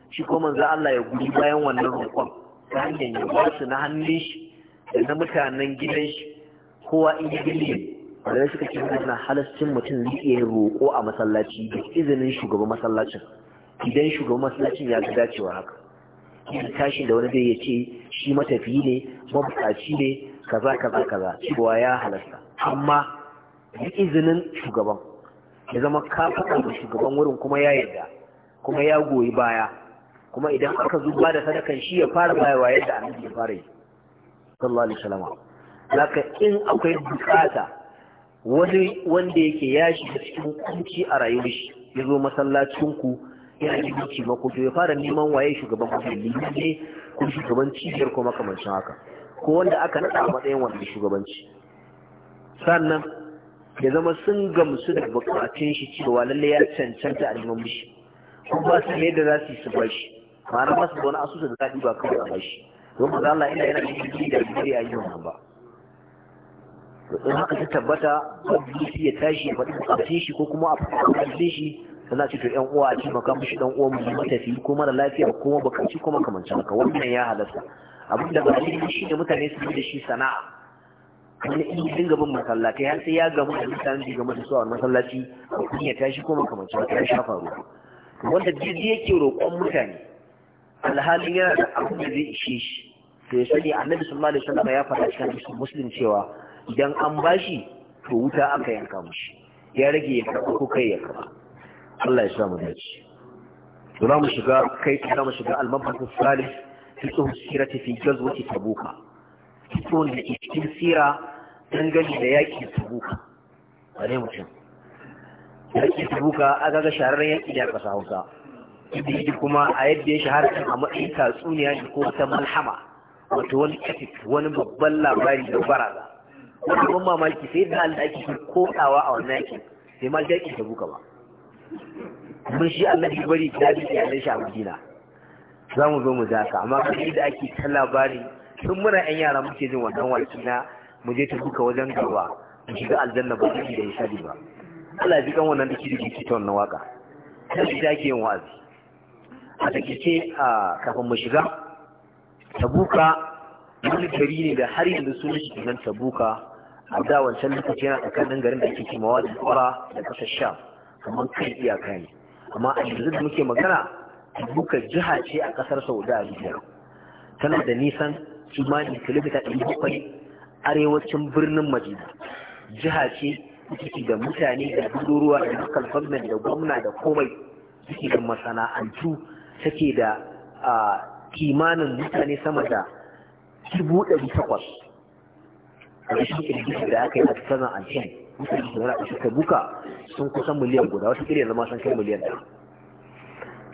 shi ko manzo Allah ya guri bayan wannan roƙon ta hanyar ya ba su na hannun shi da na mutanen gidan shi kowa in yi wadanda suka ce na halascin mutum da iya roƙo a masallaci da izinin shugaban masallacin idan shugaban masallacin ya ga dacewa haka yin tashi da wani zai ya ce shi matafiyi ne mabukaci ne kaza kaza kaza cewa ya halasta amma da izinin shugaban ya zama ka faɗa da shugaban wurin kuma ya yarda kuma ya goyi baya kuma idan aka zuba da sadakan shi ya fara bayarwa yadda annabi ya fara yi sallallahu alaihi wasallam haka in akwai bukata wani wanda yake ya shiga cikin kunci a rayuwar shi ya zo masallacin ku yana cikin makoto ya fara neman waye shugaban musulmi ne ko shugaban cibiyar ko makamancin haka ko wanda aka naɗa a matsayin wanda shugabanci sannan ya zama sun gamsu da bukatun shi cewa lalle ya cancanta a neman mishi ko ba su yadda za su yi su bashi ma'ana ba su da wani asusun da zaɓi ba kawai a bashi don ba za Allah ina yana cikin da a yi wannan ba in haka ta tabbata wadda ya tashi ya faɗi ƙarfi shi ko kuma a ƙarfi shi sana ce to yan uwa a ci maka mushi dan uwan mu matafi ko mara lafiya ko ma bakaci ko makamancin haka wannan ya halatta abin da ba shi shi da mutane su da shi sana'a wani in dinga bin masallatai har sai ya gamu da mutane da gamu da su a masallaci a kun ya tashi ko makamancin haka ya shafa ruwa wanda jiji yake roƙon mutane alhalin yana da abin da zai ishe shi Sai sani annabi sallallahu alaihi wasallam ya faɗa cikin musulun cewa idan an bashi to wuta aka yanka mashi. ya rage ya karɓi ko kai ya karɓa Allah ya samu dace za mu shiga kai za mu shiga al-mabhas salih fi tsohon sirati fi gazwati tabuka tsohon da cikin sira gani da yaƙi tabuka ba ne mutum yaƙi tabuka aka ga shahararren yaƙi da ƙasa hausa ibidi kuma a yadda ya shahara a matsayin tatsuniya ne ko ta malhama wato wani epic wani babban labari da baraza wanda abin mamaki sai da Allah ake kokawa a wannan yake sai ma yakin ta buka ba mun shi Allah ya bari da bi ya shi a Madina za mu zo mu ja ka amma kai da ake ta labari sun muna yan yara muke jin wannan walƙi na mu je ta buka wajen gaba mu shiga aljanna ba su da hisabi ba Allah ji kan wannan dake da kike ta wannan waka sai da ke yin wazi a ce a kafin mu shiga tabuka wani gari ne da har yanzu sun shi ta tabuka a da wancan lokaci yana tsakanin garin da ke kimawa da kwara da kasar sha kamar kan iyaka ne amma a yanzu da muke magana buka jiha ce a ƙasar saudi arabia tana da nisan kimanin kilomita ɗari bakwai arewacin birnin madina jiha ce ciki da mutane da ruwa da local da gwamna da komai suke da masana'antu take da ah, kimanin mutane sama da dubu ɗari takwas rashin kirgin da aka yi a tsanan alfin mutane da wani suka buka sun kusan miliyan guda wata kiri zama sun kai miliyan da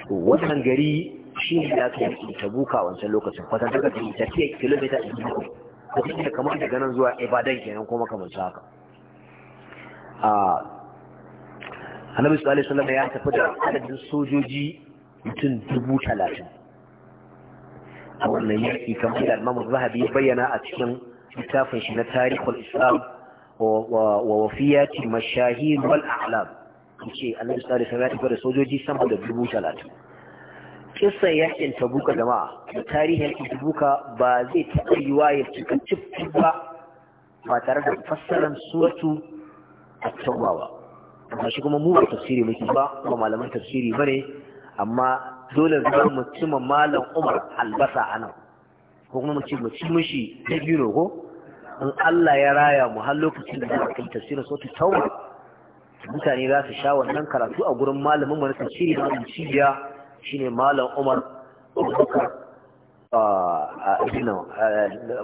wannan gari shi ne da aka yi ta buka wancan lokacin kwatan daga tafiyar kilomita ɗin uku ko kuma kamar daga nan zuwa ibadan kenan ko makamanci haka annabi sallallahu alaihi wasallam ya tafi da adadin sojoji mutum dubu talatin a wannan yaki kamar da Imam Zahabi ya bayyana a cikin littafin shi na tarihul islam wa wafiyati mashahir wal a'lam yace annabi sallallahu alaihi wasallam sojoji sama da dubu talatin kissan yakin tabuka jama'a da tarihin yakin tabuka ba zai taɓa yiwa ya cika cikin ba tare da fassarar suratu a tauba ba kuma mu ba tafsiri muke ba kuma malaman tafsiri bane amma dole zan mu cima malam umar albasa anan ko kuma mace mu ci da biro ko in Allah ya raya mu har lokacin da za yi tafsirin sautin tauba mutane za su sha wannan karatu a gurin malamin mu na tafsiri da cibiya shine malam Umar ina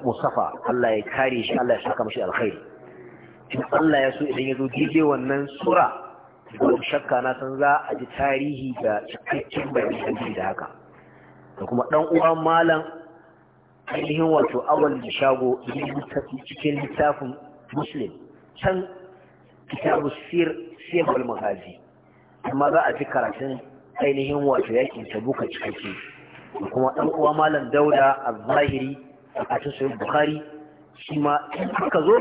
Mustafa Allah ya kare shi Allah ya saka mashi alkhairi in Allah ya so idan ya zo gije wannan sura babu shakka na san za a ji tarihi da cikakken bayani da haka da kuma dan uwan malam ainihin wato awal da shago cikin littafin muslim can kitabu sir siyar magazi amma za a fi karatun ainihin wato yakin tabuka cikakke kuma ɗan uwa malam dauda a zahiri a cikin bukhari shi ma in aka zo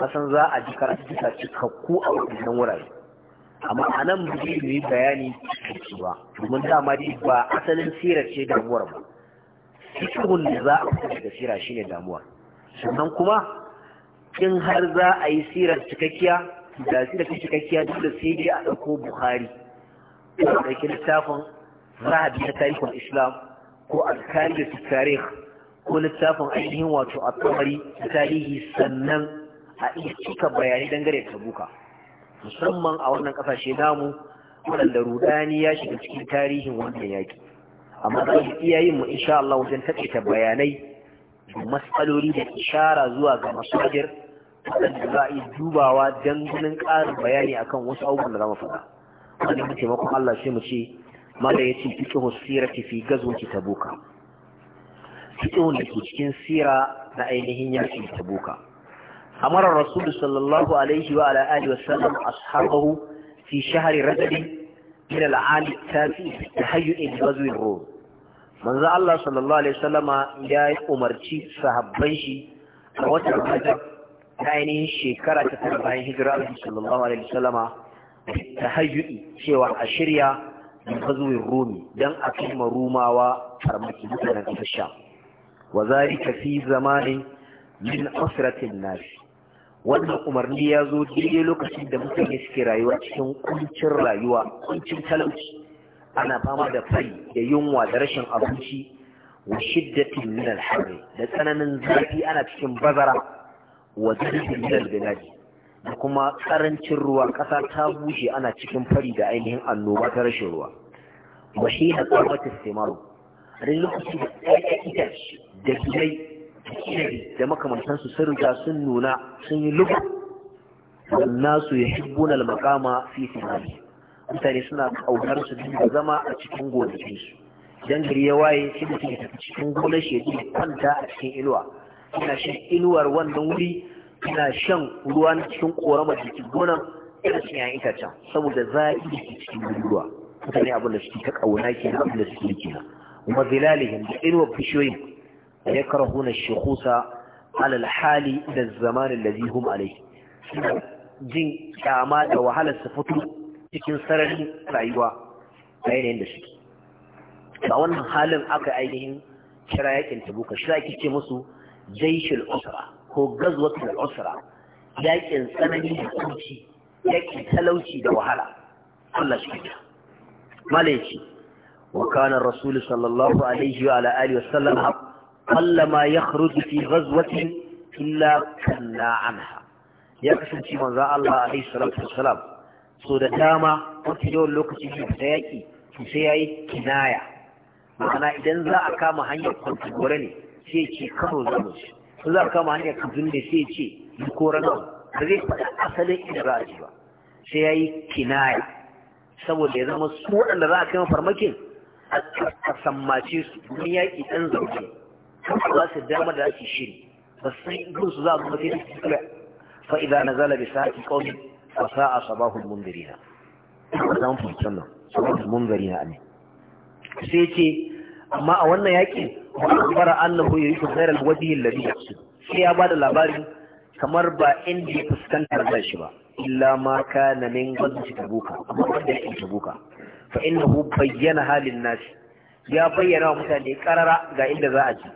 kasan za a ji karatun duka cikakku a wajen wurare amma a nan ba yi bayani cikakku ba domin dama ba asalin sirar ce damuwar ba fikihun da za a fita daga sira shine damuwa sannan kuma in har za a yi sirar cikakkiya da sirar cikakkiya dole sai dai a ɗauko buhari ko a ɗauki littafin rahabi na tarihin islam ko alkali da tarih ko littafin ainihin wato a tsamari tarihi sannan a iya cika bayanai dangane da tabuka musamman a wannan ƙasashe namu waɗanda rudani ya shiga cikin tarihin wannan yaƙi amma zai iya yin mu insha Allah wajen taƙaita bayanai da matsaloli da ishara zuwa ga masajir waɗanda za a yi dubawa don ganin ƙarin bayani akan wasu abubuwan da za mu faɗa wanda mu taimakon Allah sai mu ce mala ya ce fiƙihu sirati fi gazwati tabuka fiƙihun da ke cikin sira na ainihin yakin tabuka amara rasul sallallahu alaihi wa ala alihi wa sallam ashabahu fi shahri rajab min al-aam at-tasi tahayyu li ghazwi rum manzo Allah sallallahu alaihi wasallama ya umarci sahabban shi a watan Rajab ainihin shekara ta tara bayan hijira Allah sallallahu alaihi wasallama cewa a shirya da Rumi dan a kima Rumawa farmaki mutanen kasar Sham wa zalika fi zamanin min asratin nas wannan umarni ya zo daidai lokacin da mutane suke rayuwa cikin kuncin rayuwa kuncin talauci ana fama da fari da yunwa da rashin abinci wa shiddatin min al da tsananin zafi ana cikin bazara wa dhillin min al bilad da kuma karancin ruwa ƙasa ta bushe ana cikin fari da ainihin annoba ta rashin ruwa wa hina qawat istimaru rin lokaci da ɗaya itace da gidai da kinabi da makamantansu sun riga sun nuna sun yi lubu والناس يحبون المقام في ثماره mutane suna kaunar su dinga zama a cikin gonakin su idan gari ya waye sai mutum ya tafi cikin gona shi ya je kwanta a cikin inuwa Ina shan inuwar wannan wuri Ina shan ruwa na cikin korama da ke gonar yana cin yayin itacen saboda zafi da ke cikin ruwa mutane abin da suke ta kauna ke abin da suke kenan kuma zilalihim da inuwar bishiyoyin ya karhuna shekusa على الحال إلى الزمان الذي هم عليه جن كما وهل fito. cikin sararin rayuwa a yanayin da shi a wannan halin aka ainihin kira yakin tabuka shi ake ce musu jaishul usra ko gazwatul usra yakin tsanani da kunci yakin talauci da wahala Allah shi kita malaiki wa kana rasul sallallahu alaihi wa alihi wasallam qallama yakhruju fi ghazwatin illa kana anha ya kasance manzo Allah alaihi salatu wassalam so da dama wata yawan lokaci ke da yaƙi to sai ya yi kinaya ma'ana idan za a kama hanyar kwantagore ne sai ya ce kano zamu shi in za a kama hanyar kaduna ne sai ya ce yi koran da zai faɗa asalin inda za a ji ba sai ya yi kinaya saboda ya zama su waɗanda za a kai farmakin a sammace su domin yaƙi ɗan zaune za su dama da za su shiri ba sai gunsu za a zama sai su Fa'iza na zala bi sa'ati fasa'a sabahul mundirina zan fahimci wannan sabahul mundirina ne sai ce amma a wannan yakin wa akbara annahu yuridu ghayra alwajhi alladhi yaqsid sai ya bada labari kamar ba inda ya fuskantar da shi ba illa ma kana min gwazin tabuka amma wanda yake tabuka fa innahu bayyana halin nasi ya bayyana wa mutane karara ga inda za a ji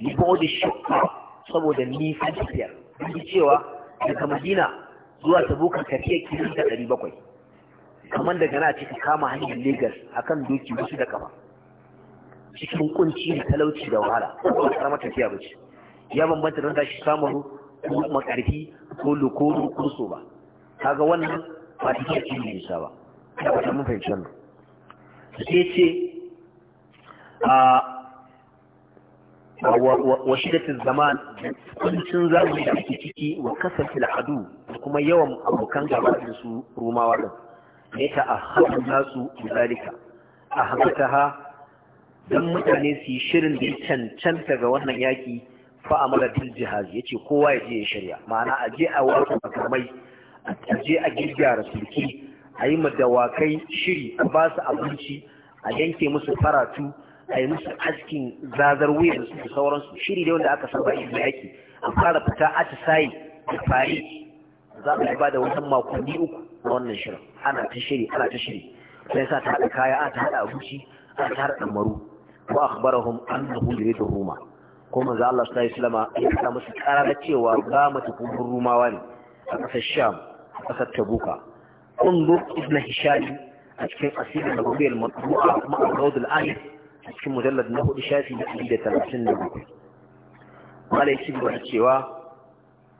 li bodi shukka saboda nisan tafiyar duk cewa daga madina zuwa tabuka tafiya kilomita ɗari bakwai kamar daga na cika kama hanyar Legas akan doki wasu da kafa cikin kunci da talauci da wahala ko karamar tafiya ba ce ya bambanta don tashi samun ko makarfi ko lokoro ko ba kaga wannan ba ta ce ne nisa ba mun fahimci wannan sai ce a wa shidatin zaman kuncin zamani da ake ciki wa kasance al'adu da kuma yawan abokan gaba da su rumawa din ne ta a hakan nasu misalika a hakata ha don mutane su yi shirin da ya cancanta ga wannan yaki fa a maladin jihaz ya ce kowa ya je ya shirya ma'ana a je a wata makamai a je a gyara sulki a yi dawakai shiri a ba su abinci a yanke musu faratu a yi musu askin zazar wuyar da sauransu shiri da wanda aka saba yin yaki a fara fita atisayi da fari za a ba da wasan makonni uku na wannan shirin ana ta shiri ana ta shiri sai sa ta haɗa kaya a ta haɗa abinci a ta haɗa ɗanmaru wa akhbarahum annahu da ruma ko manzo Allah sallallahu alaihi wasallam ya faɗa musu karara cewa ba mata tafi rumawa ne a kasar Sham a ƙasar Tabuka undur ibn Hisham a cikin asirin da gobe al-matbu'a kuma rawd al a cikin mujallar na hudu shafi na ɗari da talatin da bakwai mala ya ci gaba ba cewa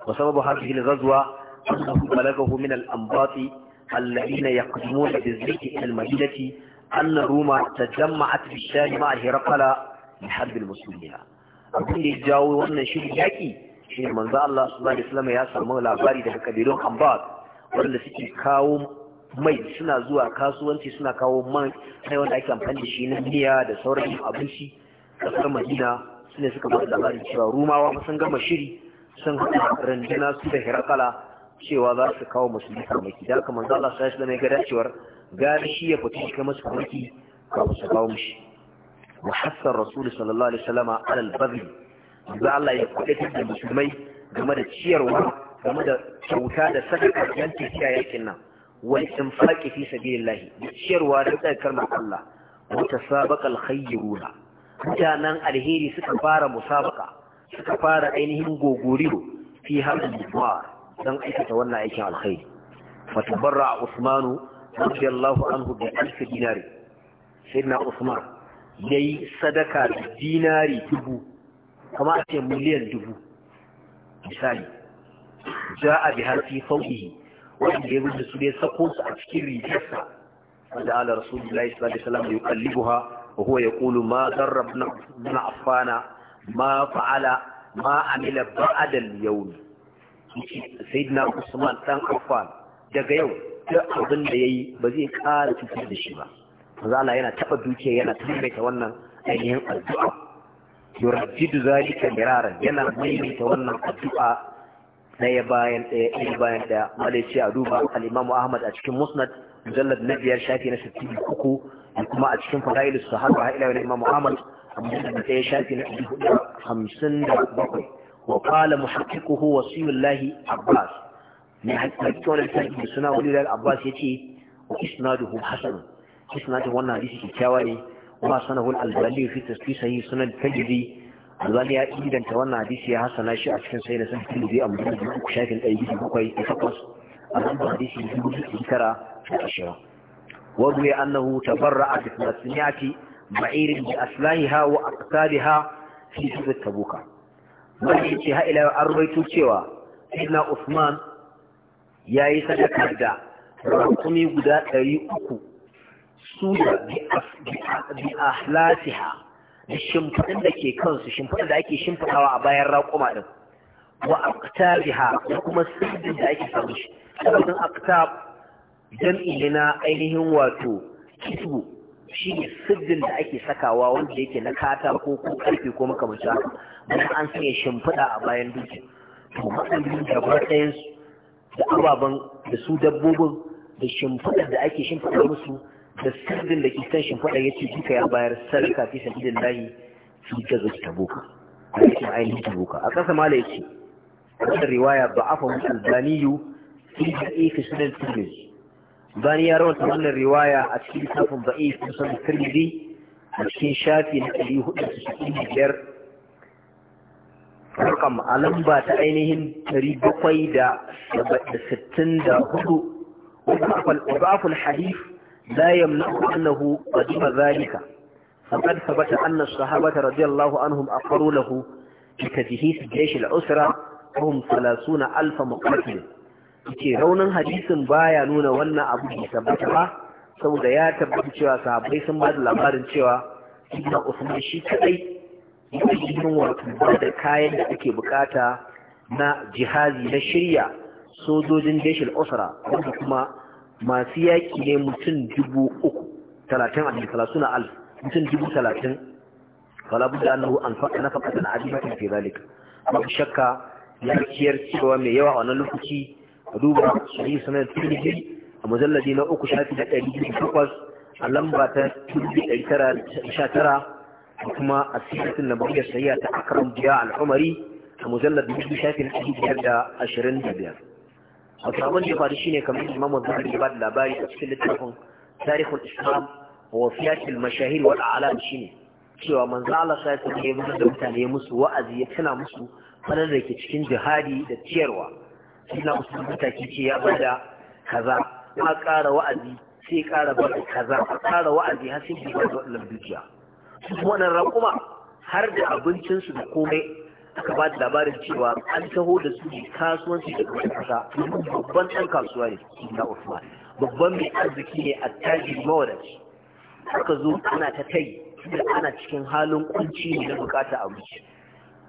wa sababu hadhihi al-ghazwa annahu balagahu min al-anbati الذين يقدمون بالزيت إلى المدينة أن الروم تجمعت في الشام مع هرقل لحرب المسلمين abin da ya jawo wannan shirin yaƙi shi ne manzo Allah sallallahu alaihi wasallam ya samu labari daga kabilun Abbas wanda suke kawo mai suna zuwa kasuwanci suna kawo man sai wanda ake amfani da shi na miya da sauran abinci kasar madina sune suka ba labarin cewa rumawa sun gama shiri sun haɗa randuna su da hirakala cewa za su kawo musulmi farmaki da haka manzo Allah sai ya ga dacewar gari shi ya fita shi kamar farmaki kafin su kawo mishi wa hasan rasul sallallahu alaihi wasallama alal badri da Allah ya kudatar da musulmai game da ciyarwa game da kyauta da sadaka yankin tafiya nan wal infaqi fi sabilillah ciyarwa da tsakar Allah wata sabaqa al khayruna mutanen alheri suka fara musabaka suka fara ainihin gogoriyo fi hadin a dan aikata wannan aikin alkhairi a Usmanu radiyallahu anhu bi alf dinari sayyidina Usman yayi sadaka da dinari dubu kama a miliyan dubu misali a bi harfi fawqihi wanda ya rubuta su ne sako su a cikin rigarsa wanda ala rasulullahi sallallahu alaihi wasallam yuqallibuha wa huwa yaqulu ma darrabna ibn affana ma fa'ala ma amila ba'da al-yawm sayyidina usman dan affan daga yau duk abin da yayi ba zai ƙara cikin da shi ba Mazala Allah yana taba dukiya yana tambaita wannan ainihin addu'a yurajjidu zalika miraran yana maimaita wannan addu'a Na ɗaya bayan ɗaya ɗaya bayan ɗaya malai a duba al'imamu ahmad a cikin musnad mujallad na biyar shafi na sittin uku da kuma a cikin fadailus sahaba ha ila imamu ahmad a mujallad na ɗaya shafi na ɗari hudu hamsin da bakwai wa qala muhaqqiquhu wasiyullahi abbas ne hakiki wannan sai da suna wani da abbas ya yace wa isnaduhu hasan isnadu wannan hadisi kyakkyawa ne wa sanahu al-albani fi tasfih sahih sunan tajri albani ya inganta wannan hadisi ya hasana shi a cikin sai da sun fi biyu a mutum da uku shafin ɗaya biyu bakwai da takwas a nan da hadisi da dubu da tara da ashirin wadu ya annahu tabarra a tafiyasiniyati ba'irin da aslahiha wa aqtaliha fi da tabuka mai ce ha ila an rubaito cewa Sina usman ya yi sadaka da rakumi guda ɗari uku su da bi ahlasiha da shimfiɗin da ke kansu shimfiɗin da ake shimfiɗawa a bayan raƙuma ɗin wa aktabiha da kuma sirrin da ake samu shi sabbin aktab jam'i ne na ainihin wato kisbu shi ne sirrin da ake sakawa wanda yake na katako ko karfe ko makamancin haka don an sanya shimfiɗa a bayan duki to matsalolin gaba ɗayansu da ababen da su dabbobin da shimfiɗar da ake shimfiɗa musu da sirrin da ke tashin shimfiɗa ya ce duka ya bayar sadaka fi sabidin layi fi gaza tabuka a cikin ainihin ta tabuka a ƙasa mala ya ce wata riwaya ba afa musul baniyu fi da ifi sunan tirmizi bani ya rawata wannan riwaya a cikin littafin ba'i ifi sunan tirmizi a cikin shafi na ɗari hudu da sittin da biyar rakam a lamba ta ainihin ɗari bakwai da sittin da hudu wa ba afal hadith لا يمنع أنه قدم ذلك فقد ثبت أن الصحابة رضي الله عنهم أقروا له بتجهيز جيش الأسرة وهم ثلاثون ألف مقاتل ce raunin hadisin baya nuna wannan abu bai tabbata ba saboda ya tabbata cewa sahabbai sun ba da labarin cewa ibn Usman shi kadai yana cikin wato da kayan da ake bukata na jihazi na shirya sojojin jeshil usra wanda kuma masu yaƙi ne mutum dubu uku talatin a jikala suna al mutum dubu talatin fala budda annahu an faɗa na faɗa na adimatin fi zalika babu shakka ya ciyar cewa mai yawa a wannan lokaci a duba sahih sanar tirmidhi a mujalladi na uku shafi da ɗari biyu takwas a lamba ta dubu ɗari tara sha tara da kuma a siratin na bayyana sahiya ta akram biya al'umari a mujalladi na shafi na ɗari biyar da ashirin da biyar wato abin da ya faru shine kamar imamu zuhri ya labari a cikin littafin tarihul islam wa fiyatul mashahir wal a'lam shine cewa manzo Allah sai ya yi da mutane musu wa'azi ya tana musu falar da ke cikin jihadi da ciyarwa suna musu mataki ce ya bada kaza a ƙara wa'azi sai ƙara bada kaza a ƙara wa'azi har sai ba da wannan dukiya wannan raƙuma har da abincinsu da komai aka ba da labarin cewa an taho da su ne kasuwanci da kuma kasa babban ɗan kasuwa ne na Usman babban mai arziki ne a tajiri mawadaci aka zo ana ta kai da ana cikin halin kunci ne na bukata a wuce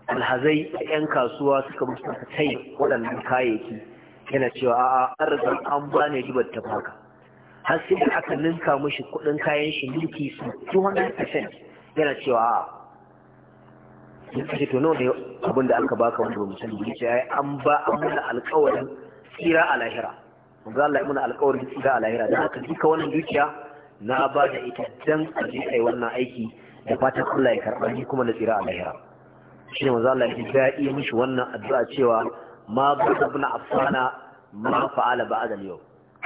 alhazai da ƴan kasuwa suka musu ta kai waɗannan kayayyaki yana cewa a'a arzikin an ba ne ribar ta baka har sai aka ninka mishi kuɗin kayan shi milki su 200% yana cewa a'a sun kashe to nawa ne abin da aka baka wanda ba mu sani ne sai an ba an da alƙawarin tsira a lahira ga Allah ya alƙawarin tsira a lahira dan haka duka wannan dukiya na ba da ita dan a je kai wannan aiki da fatan Allah ya karɓa ni kuma na tsira a lahira shi ne manzo Allah ya ji daɗi mishi wannan addu'a cewa ma ba da ibn affana ma fa'ala ba'da al-yawm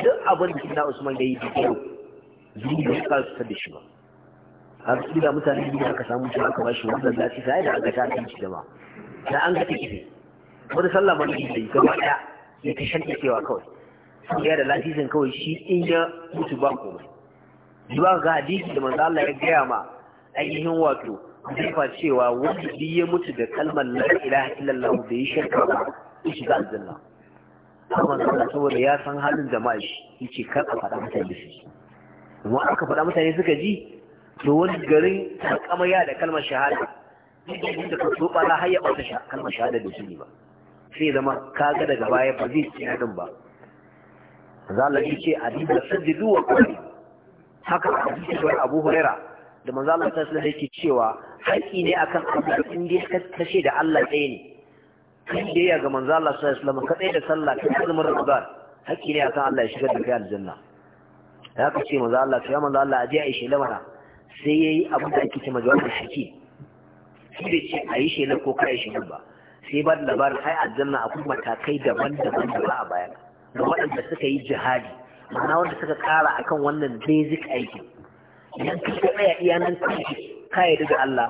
duk abin da Usman ya yi da yau zuwa ya kasu da shi ba har su da mutane biyu aka samu shi aka bashi wannan lati sai da aka ta ci jama'a da an ga take wani sallah ba ne da gaba daya ya ta shanta cewa kawai ya da lasisin kawai shi in ya mutu ba komai zuwa ga hadisi da manzo Allah ya gaya ma ainihin wato fa cewa wanda bi ya mutu da kalmar la ilaha illallah da ya shirka ba ya shiga aljanna amma Allah saboda ya san halin jama'a shi yace kar a faɗa mutane su kuma aka faɗa mutane suka ji to wani garin ya da kalmar shahada duk da ka ba na har ya ɓata kalmar shahada da shi ba sai zama kaga daga baya ba zai ci hadin ba zalabi ce a dinga sajjidu wa kwari haka a cikin wani abu hulera da manzo Allah ta sallallahu yake cewa haƙi ne akan Allah in dai ka kashe da Allah ɗaya ne kan da ya ga manzo Allah sallallahu alaihi wasallam ka da sallah ka azumin Ramadan haƙi ne akan Allah ya shigar da kai aljanna ya ka ce manzo Allah ya manzo Allah aje a ishe lamara sai ya yi abin da ake cima jawabin shaki shi da ce a yi shelar ko kai shelar ba sai ba da labarin ai aljanna akwai matakai daban-daban da ba a bayar. ga waɗanda suka yi jihadi ma'ana wanda suka ƙara akan wannan basic aikin idan ka tsaya iya nan ka yarda da Allah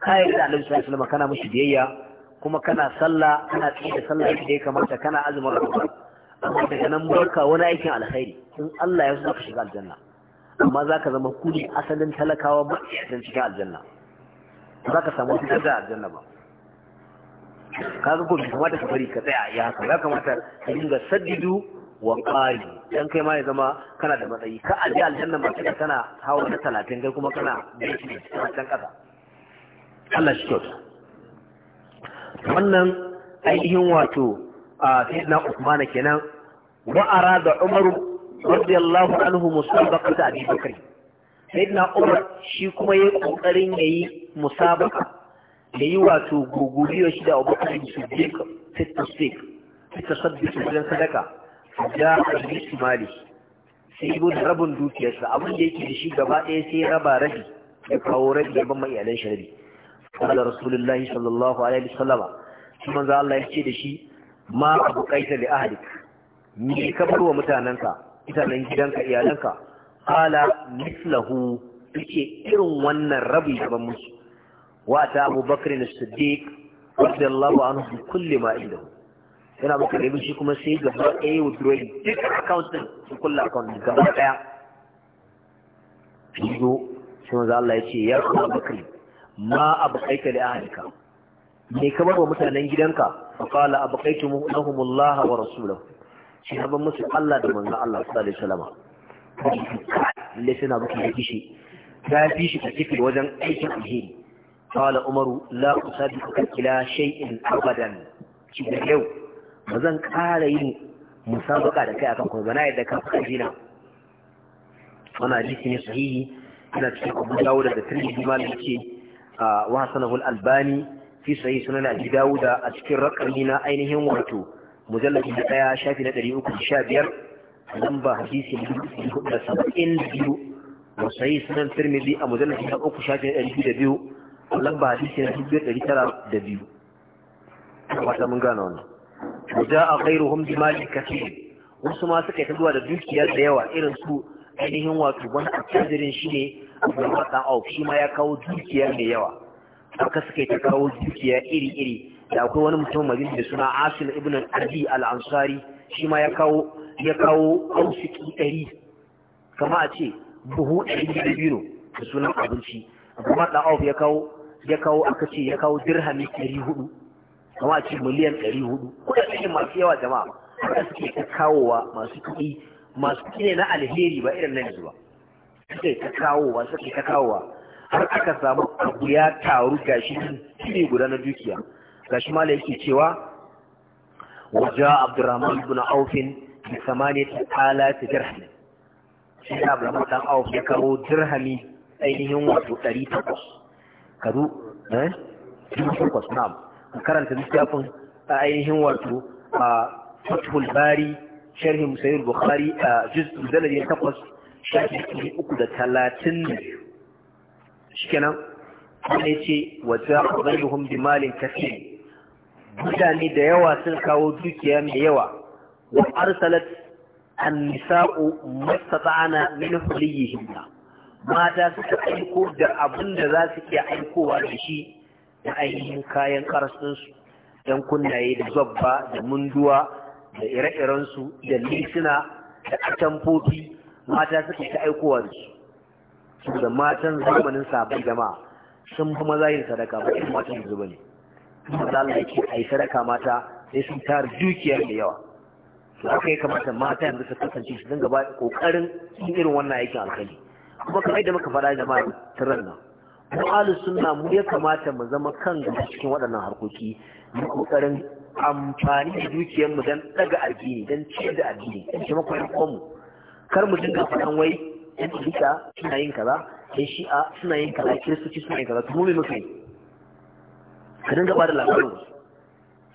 ka yarda da Allah sallallahu alaihi kana mishi biyayya kuma kana sallah kana tsaye da sallah da ya kamata kana azumin ramadan amma daga nan barka wani aikin alkhairi in Allah ya so ka shiga aljanna amma za ka zama kuli asalin talakawa ba don cikin aljanna za ka samu fitar da aljanna ba ka ga kuma kuma kamata ka bari ka tsaya ya haka ya kamata ka dinga saddidu wa ƙari dan kai ma ya zama kana da matsayi ka aje aljanna ba kai kana hawa na talatin kai kuma kana da cikin can ƙasa Allah shi kyauta wannan ainihin wato a sayyidina na kenan wa arada Umaru radiyallahu anhu musabaqata abi bakr umar shi kuma yayi kokarin yayi musabaqa yayi wato goguriyo shi da abubakar siddiq sadaka da hadisi mali sai rabin dukiyarsa abin da yake da gaba ɗaya sai ya kawo قال رسول الله صلى الله عليه وسلم ثم الله ما لأهلك bar wa mutanenka mutanen gidanka iyalanka qala mislahu yake irin wannan rabi gaban musu wa ta Abu Bakr as-Siddiq radiyallahu anhu bi kulli ma indahu yana baka da shi kuma sai gaba ɗaya withdrawing duk account din su kulla account gaba ɗaya zo sai manzo Allah ya ce ya Abu Bakr ma a abqaita li ahlika me ka bar wa mutanen gidanka fa qala abqaitumu lahum Allah wa rasulahu shi musu Allah da manzon Allah sallallahu alaihi wasallam lalle suna bukin da kishi ya fi shi tafiya wajen aikin alheri qala umaru la usabiquka ila shay'in abadan shi da yau ba zan ƙara yin musabaka da kai akan kuma bana yadda ka fi jina wannan hadisi ne sahihi ina cikin abu dawud da tirmidhi malam ce wa hasanahu albani fi sahih sunan abi dawuda a cikin rakami na ainihin wato mujallabi na ɗaya shafi na ɗari uku sha biyar lamba hadisi na hudu da saba'in biyu wa sai sunan tirmidhi a mujallabi na uku shafi na ɗari lamba hadisi na dubu ɗari tara da wata mun gane wannan wajen a kairu hum jimali kafi wasu ma suka yi ta zuwa da dukiya da yawa irin su ainihin wato wani attajirin shi ne abdulmatan auf shi ma ya kawo dukiya mai yawa haka suka yi ta kawo dukiya iri-iri da akwai wani mutum mai da suna asim ibn al-ardi al-ansari shi ma ya kawo ya kawo ausiki ɗari kama a ce buhu ɗari da biro da sunan abinci kuma auf ya kawo ya kawo aka ce ya kawo dirhami ɗari hudu kama a ce miliyan ɗari hudu kuɗaɗe masu yawa jama'a haka suke ta kawowa masu kuɗi masu kuɗi ne na alheri ba irin nan yanzu ba suke ta kawowa suke ta kawowa har aka samu abu ya taru gashi shi ne guda na dukiya gashi mala yake cewa waja abdurrahman ibn auf bi samaniyati alat dirham shi abdurrahman dan auf ya karo dirhami ainihin wato 800 karu eh 800 na'am karanta littafin ainihin wato a fathul bari sharhi musayyid bukhari a juz dalil ya takwas shafi uku da talatin shikenan wanda ya ce wajen zairuhun bi malin kasiri mutane da yawa sun kawo dukiya mai yawa wa arsalat annisa'u mastata'ana min huliyihinna mata suka aiko da abin da za su iya aikowa da shi da ainihin kayan karsunsu yan kunnaye da zabba da munduwa da ire-irensu da lisina da atamfofi mata suka ta aikowa da su su da matan zamanin sabon jama'a sun fi maza yin sadaka ba irin matan zuba ne da Allah yake isa sadaka mata sai sun tara dukiyar da yawa to haka ya kamata mata yanzu su kasance su dinga ba kokarin yin irin wannan aikin alkali kuma kamar da muka faɗa jama'a tiran nan mu alu sunna mu ya kamata mu zama kan cikin waɗannan harkoki mu kokarin amfani da dukiyar mu dan daga addini dan ciyar da addini dan makon kwaikwayon mu kar mu dinga faɗan wai yan duka suna yin kaza yan shi'a suna yin kaza kiristoci suna yin kaza to mu me muka yi ka dinga ba da labarin wasu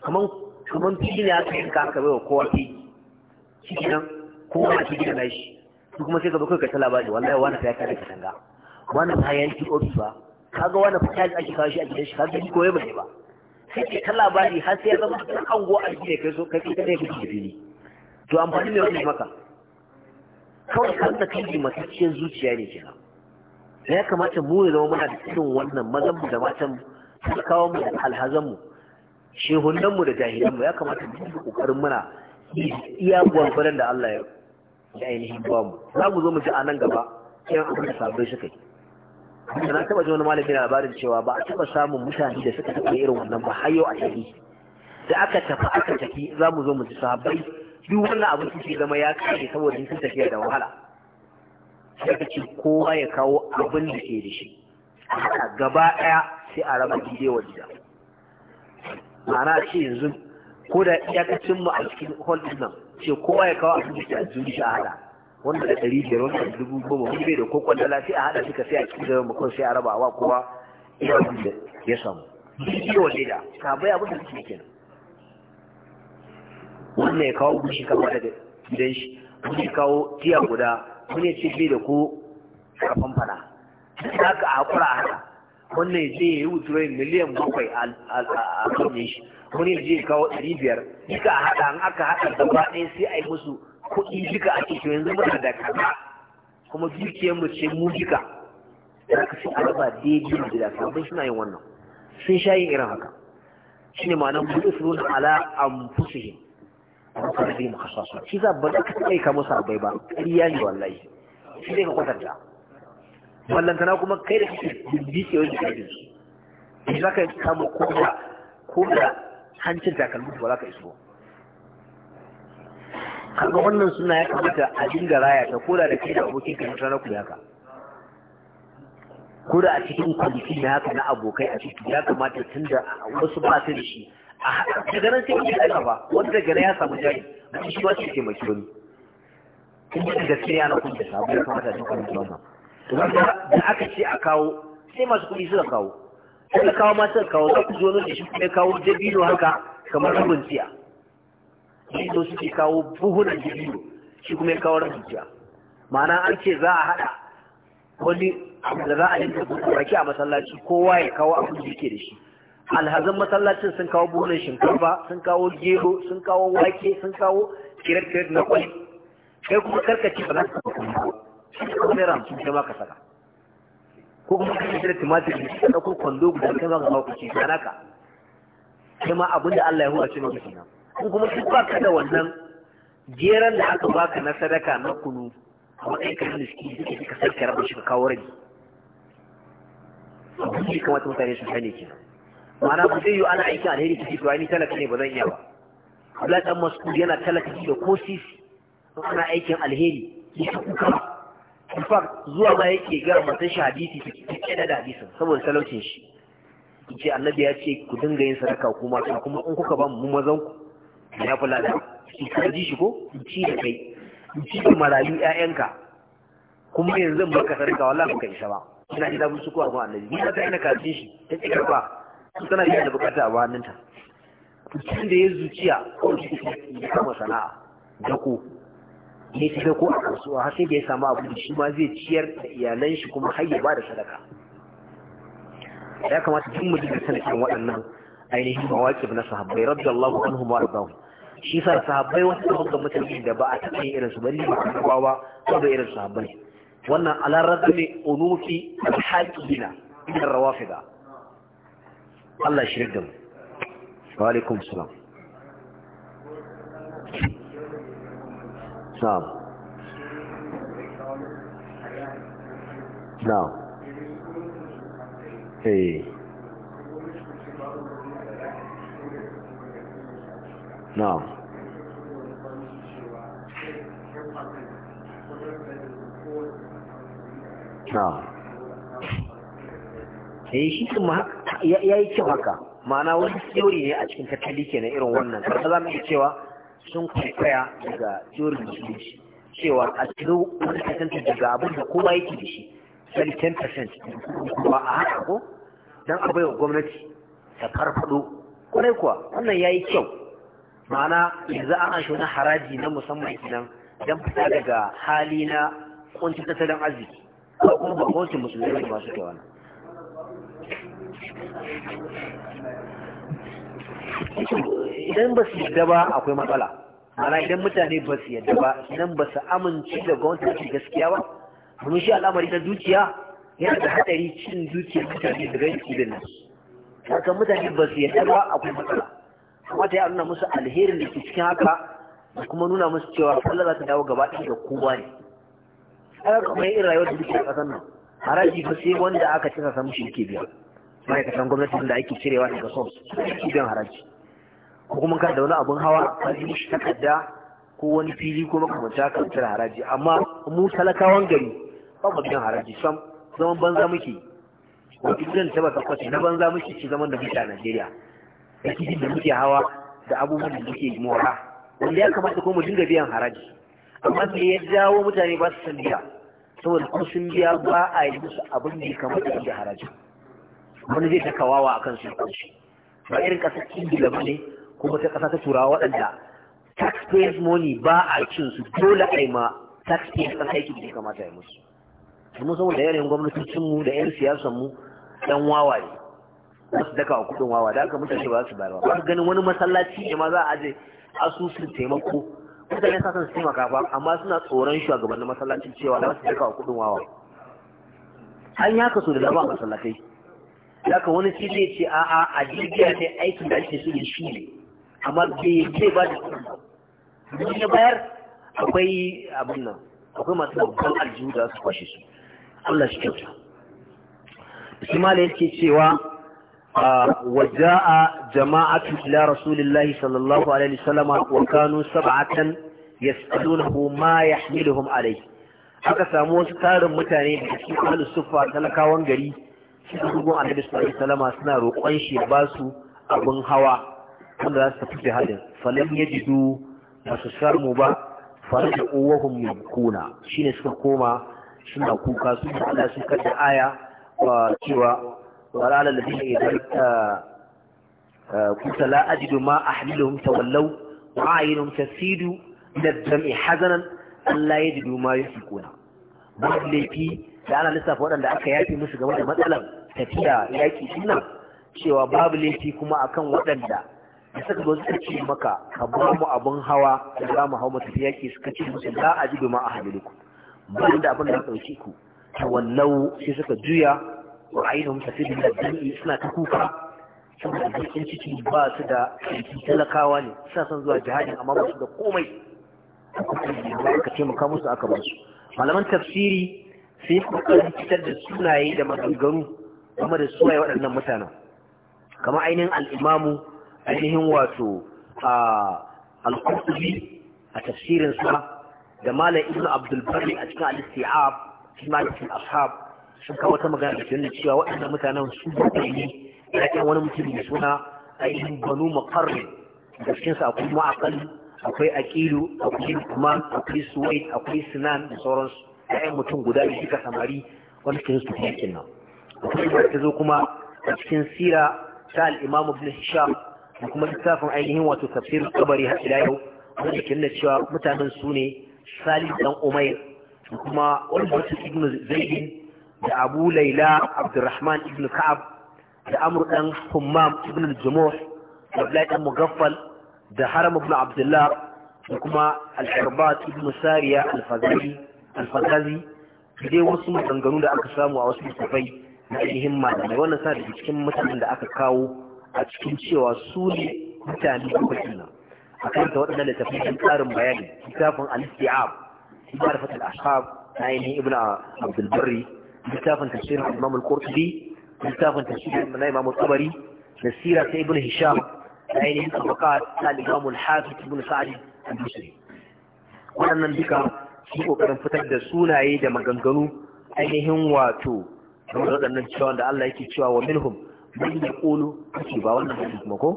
kaman kaman fili ne aka yanka aka bai wa kowa fili shi nan kowa ma cikin na shi su kuma sai ka bakwai ka ta labari wallahi wani ta ya kare katanga wani ta ya yanki ofis ba Ka ga wani fita ta ake kawo shi a gidan shi kaga ko ya bane ba sai ke ta labari har sai ya zama kan ango a gidan kai so kai kai ne da fili to amfani ne wani maka kawai kan da kai matacciyar zuciya ne kenan ya kamata mu ya zama muna da irin wannan mazan da matan Kawo mu da alhazan mu shehunan mu da jahilan mu ya kamata mu yi kokarin muna iya gwargwaran da Allah ya da ainihin ba mu za mu zo mu ji a nan gaba yan abin da sabai suka yi na taba ji wani malami labarin cewa ba a taba samun mutane da suka taɓa irin wannan ba har yau a tafi da aka tafi aka tafi za mu zo mu ji sabai duk wannan abin su ke zama ya kare saboda sun tafi da wahala sai ka ce kowa ya kawo abin da ke da shi gaba ɗaya sai a raba gide wa gida ma'ana ce yanzu ko da iyakacin mu a cikin hall din nan ce kowa ya kawo abin da ke a hada wanda da ɗari biyar wanda da dubu goma mun bai da ko kwandala sai a hada suka sai a cikin gaban mu sai a raba wa kowa iya yi da ya samu gide wa gida ka bai abin da suke kenan wannan ya kawo gushi kama daga gidan shi mun ya kawo tiya guda mun ya ce bai da ko kafan fana haka a hakura haka wannan ya je ya yi withdrawing miliyan bakwai a kan shi wani ya je ya kawo ɗari biyar duka a haɗa an aka haɗa gaba ɗaya sai a yi musu kuɗi duka a cikin yanzu muna da kaza kuma dukiyar mu ce mu duka da aka ce alaba daidai da da sabon suna yin wannan sun sha yin irin haka ne ma'anar buɗe su nuna ala anfusihim a kuma zai mu kasuwa shi za ba da ka kai ka musu abai ba ƙarya ne wallahi shi zai ka kwatanta wallantana kuma kai da kake bibike wani jirgin su za ka yi kama kuma kuma hancin takalmi ba za ka iso kaga wannan suna ya kamata a dinga raya ta kura da kai da abokin ka mutane ku haka, kura a cikin kwaliti na haka na abokai a ciki ya kamata tun da wasu ba su da shi a haka daga nan sai kuma aika ba wanda daga ya samu jari a cikin wasu ke mai wani. kuma da gaskiya na kun da sabu ya kamata a cikin kwaliti wannan to wanda da aka ce a kawo sai masu kuɗi suka kawo suka kawo ma suka kawo za ku zo da shi kuma kawo dabino haka kamar rabin tsiya shi zo suke kawo buhunan dabino shi kuma ya kawo rabin tsiya ma'ana an ce za a haɗa wani abu da za a dinga baki a masallaci kowa ya kawo abin da yake da shi alhazan masallacin sun kawo buhunan shinkafa sun kawo gero sun kawo wake sun kawo kiret-kiret na kwai kai kuma karkace ba za su kawo kuma naira hamsin kai ma ka saka ko kuma ka shirya tumatir ne ka ɗauko kwando guda kai ma ka kawo kuci ka naka kai ma abin da Allah ya hura cin mutum na ko kuma duk ba ka da wannan geran da aka baka na sadaka na kunu a matsayin ka miski duka ka sarki rabu shi ka kawo rabi abin da kamata mutane su sani kenan ma'ana ba zai yi ana aiki alheri kiki to ni talaka ne ba zan iya ba Abdullahi dan Mas'ud yana talaka da ko sisi ana aikin alheri ya kuka in fact zuwa ma yake gara masu shi hadisi ta cike da hadisin saboda talaucin shi in ce annabi ya ce ku dinga yin sadaka kuma kuma in kuka ba mu mazan ku ya fula da in ka ji shi ko in ci da kai in ci da marayu ƴaƴanka kuma yanzu ba ka sadaka wallahi ka isa ba ina ji dabu su ko abu annabi ni ka ina ji shi ta ci karba tana yin da bukata a Ku mutum da ya zuciya ko shi ya kama sana'a da ku. ne ta ko a kasuwa har sai da ya samu abu da shi ma zai ciyar da iyalan shi kuma har ya ba da sadaka ya kamata tun mu dinga sanakin waɗannan ainihin mawaqif na sahabbai radiyallahu anhu wa radahum shi sa sahabbai wata da mutane da ba a taɓa yin irinsu ba ne ba kowa ba da irin sahabbai wannan alarar ne unufi alhaƙina idan rawafida Allah shirin da mu wa alaikum salam نعم نعم ايه نعم na'am eh kyau haka ma'ana wani theory ne a cikin tattali kenan irin wannan za mu iya cewa sun kwaikwaya daga jorin musulunci cewa a cikin wani daga abin da kuma yake da shi sani 10% kuma a haka ko don a baiwa gwamnati ta karfado kwarai kuwa wannan ya yi kyau ma'ana yanzu an an wani haraji na musamman kinan don fita daga hali na kuncin tattalin arziki ko kuma ba gwamnatin musulunci masu su idan ba su yadda ba akwai matsala mana idan mutane ba su yadda ba idan ba su amince da gwamnati da gaskiya ba domin shi al'amari na dukiya yana da haɗari cin zuciya mutane da gaske da nan sakan mutane ba su yadda ba akwai matsala kuma ta yi nuna musu alherin da ke cikin haka da kuma nuna musu cewa Allah za ta dawo gaba ɗaya da kowa ne haka kuma irin rayuwar da duka a ƙasar nan haraji fa sai wanda aka cika samu shi ke biya ma'aikatan gwamnati da ake cirewa daga sos su biyan haraji ko kuma ka da wani abun hawa ka yi mishi takarda ko wani fili ko makamanta ka fitar haraji amma mu talakawan gari ba mu biyan haraji sam zaman banza muke ko idan ta ba kwace na banza muke ci zaman da muke a Najeriya da kidin da muke hawa da abubuwan da muke mora wanda ya kamata ko mu dinga biyan haraji amma sai ya jawo mutane ba su san biya saboda ko sun biya ba a yi musu abin da ya kamata da haraji wani zai ta kawawa akan su kanshi ba irin kasar ingila ba ne kuma sai ƙasa ta turawa waɗanda taxpayers money ba a cin su dole a yi ma taxpayers ɗan aiki da kamata ya musu domin saboda yanayin gwamnatocin mu da 'yan siyasar mu wawa wawaye ba su daka wa kuɗin wawa da aka mutane ba su bayarwa ba su ganin wani masallaci ne ma za a aje asusun taimako mutane sa san su taimaka ba amma suna tsoron shugabannin masallacin cewa za su daka wa kuɗin wawa an yaka su da dama masallatai da wani shi zai ce a'a a jirgiya ne aikin da ake so ya shi ne amma bai ba da kuɗi ya bayar akwai abin nan akwai masu babban aljihu da su kwashe su Allah shi kyauta bismillah yake cewa وجاء جماعة إلى رسول الله صلى wa عليه وسلم وكانوا سبعة يسألونه ما يحملهم عليه aka samu wasu tarin mutane da cikin ahlus suffa talakawan gari suka rubu annabi sallallahu suna roƙon shi ba su abin hawa wanda za su tafi jihadin falan ya jidu ba su samu ba fara da kuna. Shi ne suka koma suna kuka su da Allah su kada aya wa uh, cewa wala alladhina da kunta uh, uh, la ajidu ma ahmiluhum tawallaw wa ayinum tasidu min ad-dam'i hazanan an la yajidu ma kuna. babu laifi da ana lissafa waɗanda aka yafi musu game da matsalar tafiya yaƙi dinnan cewa babu laifi kuma akan waɗanda da suka zo suka ce maka ka ba mu abin hawa da za mu hau masu ke suka ce musu za a ji bima a hamiluku ban da abin da za ɗauki ku ta wallau sai suka juya ra'ayin tafi da dani suna ta kuka saboda bakin ciki ba su da kanki talakawa ne suna son zuwa jihadin amma ba su da komai aka taimaka musu aka basu malaman tafsiri sai kan fitar da sunaye da maganganu kuma da suwaye waɗannan mutanen kamar ainihin al'imamu ainihin wato a al-qurtubi a tafsirin sa da malam ibnu abdul barri a cikin al-istiab fi malikin ashab sun kawo ta magana da kenan cewa waɗannan mutanen su ba ne ya wani mutum mai suna ainihin banu maqarrin da cikin sa akwai mu'aqal akwai aqilu akwai kuma akwai suwaid akwai sinan da sauransu ɗayan mutum guda biyu suka samari wani ke su yakin nan akwai ta zo kuma a cikin sira ta al-imam ibn hisham da kuma littafin ainihin wato tafsirin kabari har ila yau wanda ke nuna cewa mutanen su ne Salim dan Umair da kuma Ulbatu ibn Zaid da Abu Laila Abdurrahman ibn Ka'ab da amru dan Hammam ibn al-Jumuh da dan Mugaffal da Haram ibn Abdullah da kuma Al-Irbat ibn Sariya Al-Fazali Al-Fazali dai wasu maganganu da aka samu a wasu littafai na ainihin malamai wannan sa da cikin mutanen da aka kawo a cikin cewa su ne mutane bakwai din a kan ta waɗannan littafin ƙarin bayani littafin al-istiab ma'rifat Fatal ashab na ainihin ibnu abdul barri littafin tafsirin imam al-qurtubi littafin tafsirin na imam al-tabari da sira ta ibnu hisham na ainihin tabaqat al-imam al-hafiz ibnu sa'd al waɗannan duka su kokarin fitar da sunaye da maganganu ainihin wato kamar waɗannan cewa da Allah yake cewa wa minhum bai da kolo kace ba wannan hadisi kuma ko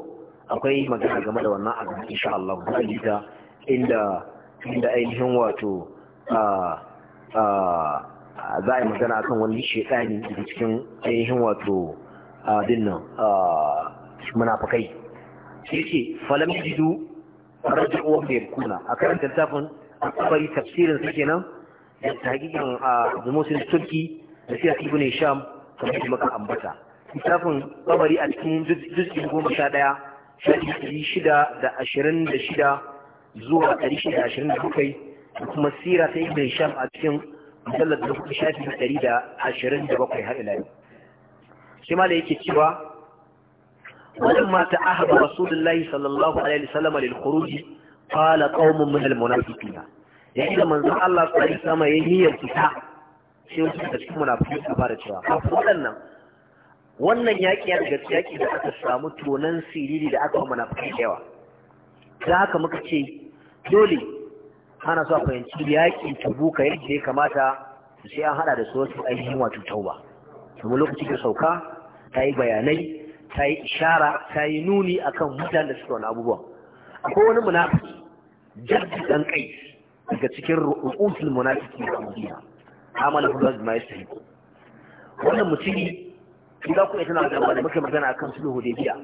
akwai magana game da wannan abin insha Allah zai ta inda inda ainihin wato a a za a yi magana akan wani shekani da cikin ainihin wato a dinnan munafukai shi ce falam jidu raju'u wa yakuna a karanta littafin akwai tafsirin sa kenan da hakikan a Muslim Turki da sai Ibn Hisham kamar kuma ambata littafin kabari a cikin jirgin goma sha ɗaya shafi ɗari shida da ashirin da shida zuwa ɗari shida da ashirin da bakwai da kuma sira ta ibn sham a cikin musallar da kuma shafi ɗari da ashirin da bakwai har ila yau shi ma da yake cewa ولما تعهد رسول الله صلى الله عليه وسلم للخروج قال قوم من المنافقين يعني لما الله صلى الله عليه وسلم يهي الفتاة sai wasu da cikin munafikai suka fara cewa kafin waɗannan wannan yaƙi ya daga yaƙi da aka samu tonan siriri da aka mana fi yawa da haka muka ce dole ana so a fahimci yaƙin buka yadda ya kamata sai an haɗa da su wasu ainihin wato tauba kuma lokaci da sauka ta yi bayanai ta yi ishara ta yi nuni akan mutane da suka wani abubuwan akwai wani munafiki jaddi ɗan kai daga cikin ru'usul munafiki a madina amala wannan mutumi kila ku tana da wanda muka magana akan sulhu hudaybiya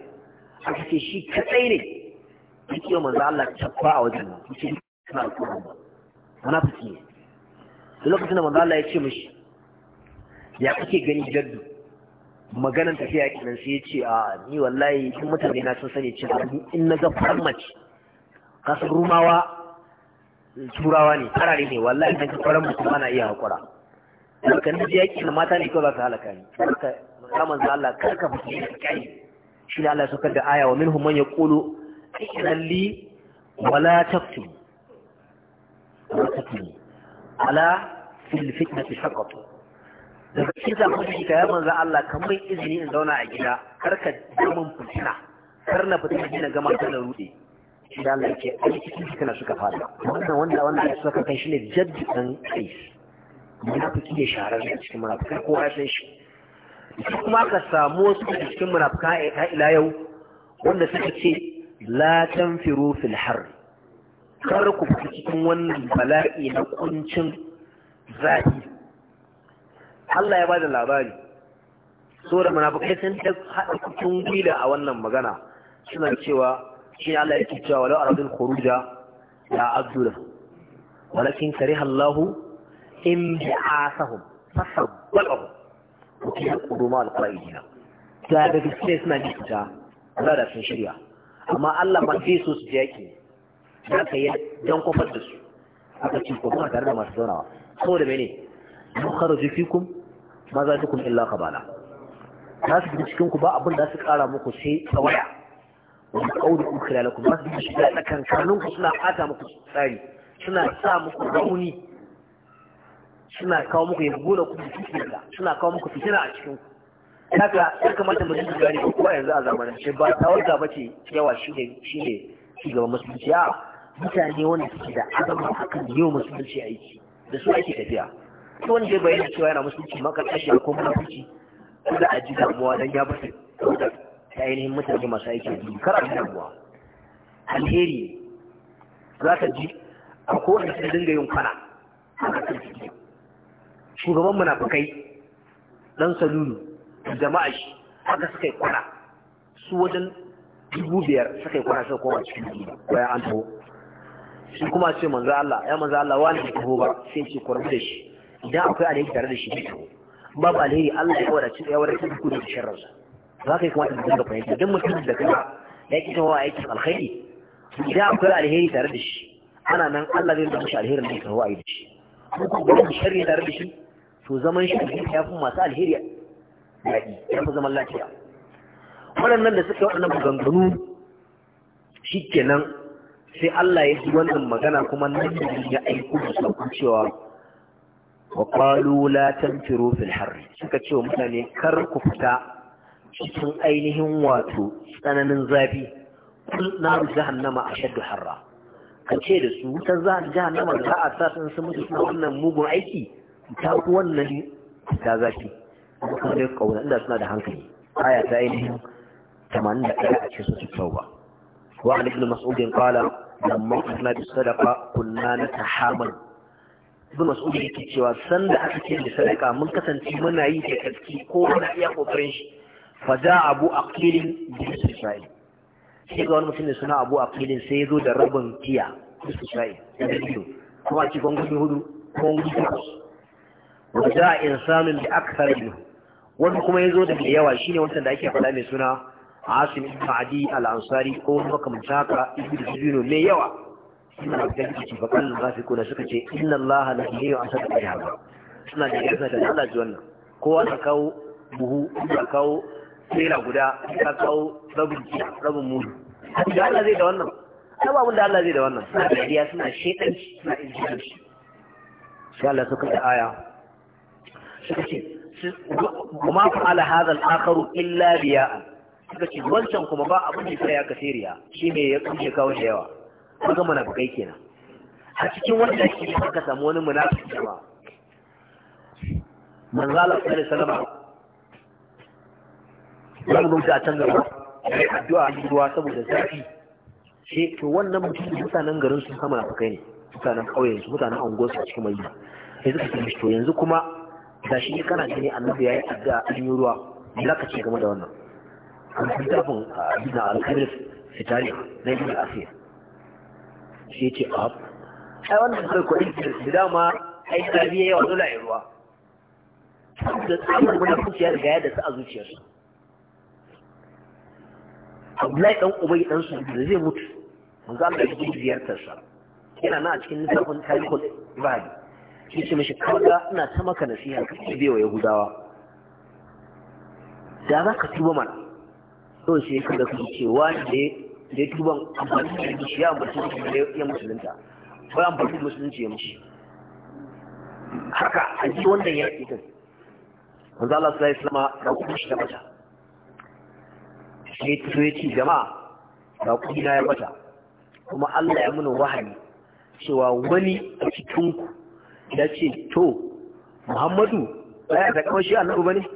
aka ce shi kadai ne yake manzo Allah tabba a wajen nan yake tana alƙur'ani ba munafiki ne to lokacin da manzo Allah ya ce mishi ya kake gani jaddu maganan tafiya kenan sai ya ce a ni wallahi kin mutane na sun sani cewa in na ga farmaci kasar rumawa turawa ne farare ne wallahi dan ka faran mutum ana iya hakura haka ni yaki na mata ne kawai za su halaka ni haka samun za Allah kar ka fito da kai shi ne Allah suka da aya wa minhum man yaqulu ikinan li wala taftum wala taftum ala fil fitnati haqqatu da cikin zamanin shi kayan manzo Allah kamar izini in zauna a gida kar ka damun fitina kar na fitina gina gama ta na rude shi da Allah ke a cikin fitina suka fara wannan wanda wannan suka kai shi ne jaddi dan kais munafiki ne shahararre a cikin munafikai ko ya san shi ita kuma ka samu wasu a cikin munafika a ila yau wanda suka ce la tanfiru fil har kar ku fita cikin wannan bala'i na kuncin zafi Allah ya bada labari so da munafikai sun ta haɗa cikin gila a wannan magana suna cewa shi Allah yake cewa walau aradul khuruja ya abdullah walakin kariha Allahu in bi'asahum fasabbahu kuke kuduma alqaidina da da gaskiya suna ji ta Allah da sun shirya amma Allah ba sai su su yaki da ka yi dan kofar su aka ci ko kuma tare da masu zaunawa saboda mene mukharaju fikum ma za tukum illa khabala za su fita cikin ba abin da su kara muku sai tsawaya wani kauri ku kira lakum ba su shiga tsakankanin ku suna ata muku tsari suna sa muku rauni suna kawo muku ya gura ku fitina suna kawo muku fitina a cikin ku haka ya kamata mu dinga gari ko yanzu a zamanin. shi ba tawarda bace yawa shine shi shugaban musulunci a mutane wanda suke da azama akan yau musulunci aiki da su ake tafiya to wanda ya bayyana cewa yana musulunci makarƙashi ko musulunci ko da a ji damuwa dan ya bata ta ainihin mutane masu aiki biyu kar a da damuwa alheri za ka ji a kowane su dinga yin kwana a kan shugaban munafukai dan salulu jama'a shi haka suka yi kwana su wajen dubu biyar suka yi kwana suka koma cikin gida bayan an taho shi kuma ce manzo Allah ya manzo Allah wani ne taho ba sai ce ku da shi idan akwai alheri tare da shi bai taho babu alheri Allah ya wadace ya wadace ku da sharrinsa za ka yi kuma da ka fahimta dan mutum da kai ya ki taho aikin alkhairi idan akwai alheri tare da shi ana nan Allah zai rubuta alherin da ya taho a yi da shi ko kuma ga tare da shi to zaman shi ya fi masu alheri daɗi ya fi zaman lafiya waɗannan da suka waɗannan maganganu shi kenan sai Allah ya ji wannan magana kuma nan ya aiko da saukin cewa wa ƙwalo latin tanfiru harri suka ce wa mutane kar ku fita cikin ainihin wato tsananin zafi kul nama jahannama shaddu harra kan ce da su wutar jahannama da za a sa sun mutu suna wannan mugun aiki ta wannan ta zafi kuma dai kauna inda suna da hankali aya ta ainihin 81 a cikin su tauba wa an ibn mas'ud qala lamma kunna bi sadaqa kunna natahamal ibn mas'ud yake cewa san da aka ce da sadaka mun kasance muna yi da kaski ko muna iya kokarin shi fa da abu aqilin bi isra'il sai ga wani mutum ne suna abu aqilin sai ya zo da rabin tiya isra'il da kuma ci gongon hudu ko gongon a wa samun da aka akthar minhu wanda kuma ya zo da yawa shine wanda da ake faɗa mai suna Asim ibn Adi al-Ansari ko makamta haka ibn Zubino mai yawa suna da kici fa kan munafiquna suka ce inna Allah la yuhibbu asad al-jahal suna da yasa da Allah ji wannan kowa ta kawo buhu ta kawo tsira guda ta kawo rabin rabin mudu da Allah zai da wannan sababin da Allah zai da wannan suna da suna shaidanci, suna injinci sai Allah suka da aya suka ce ma fa'ala hadha al-akharu illa riya'a suka ce wancan kuma ba abin da ya kashe riya shine ya kunshe kawo da yawa kaga munafikai kenan a cikin wanda ne suka samu wani munafiki jama'a manzo Allah sallallahu alaihi wasallam wani mutum a can gaba ya addu'a a ruwa saboda zafi shi to wannan mutum mutanen garin sun kama munafikai ne mutanen ƙauyen su mutanen anguwar su cikin mai sai suka ce to yanzu kuma da shi kana gani annabi ya yi addu'a an yi ruwa me ka ce game da wannan an fi tafin a abinda alkadir fitari na yi asiya shi ce a ai wannan kai kwaɗi da dama ai tarbiyya yawa dole a yi ruwa da tsamin munafunci ya riga ya da su a zuciyarsu Abdullahi dan Ubay dan su da zai mutu manzo Allah ya gudu ziyartarsa, yana nan a cikin lissafin tarihul ibadi shi ce mashi kaga ina ta maka nasiha ka ci bewa yahudawa da za ka tuba mana to sai ka da kuma cewa da ya tuban amfani da shi ya amfani da ya musulunta ko ya amfani da musulunci ya mushi haka a ji wannan ya ita din manzo Allah sallallahu alaihi wasallam da kuma shi ta mata sai to ya ci jama'a da na ya mata kuma Allah ya mun wahayi cewa wani a cikin ku ya ce to muhammadu ya ta kamar shi annabi ba ne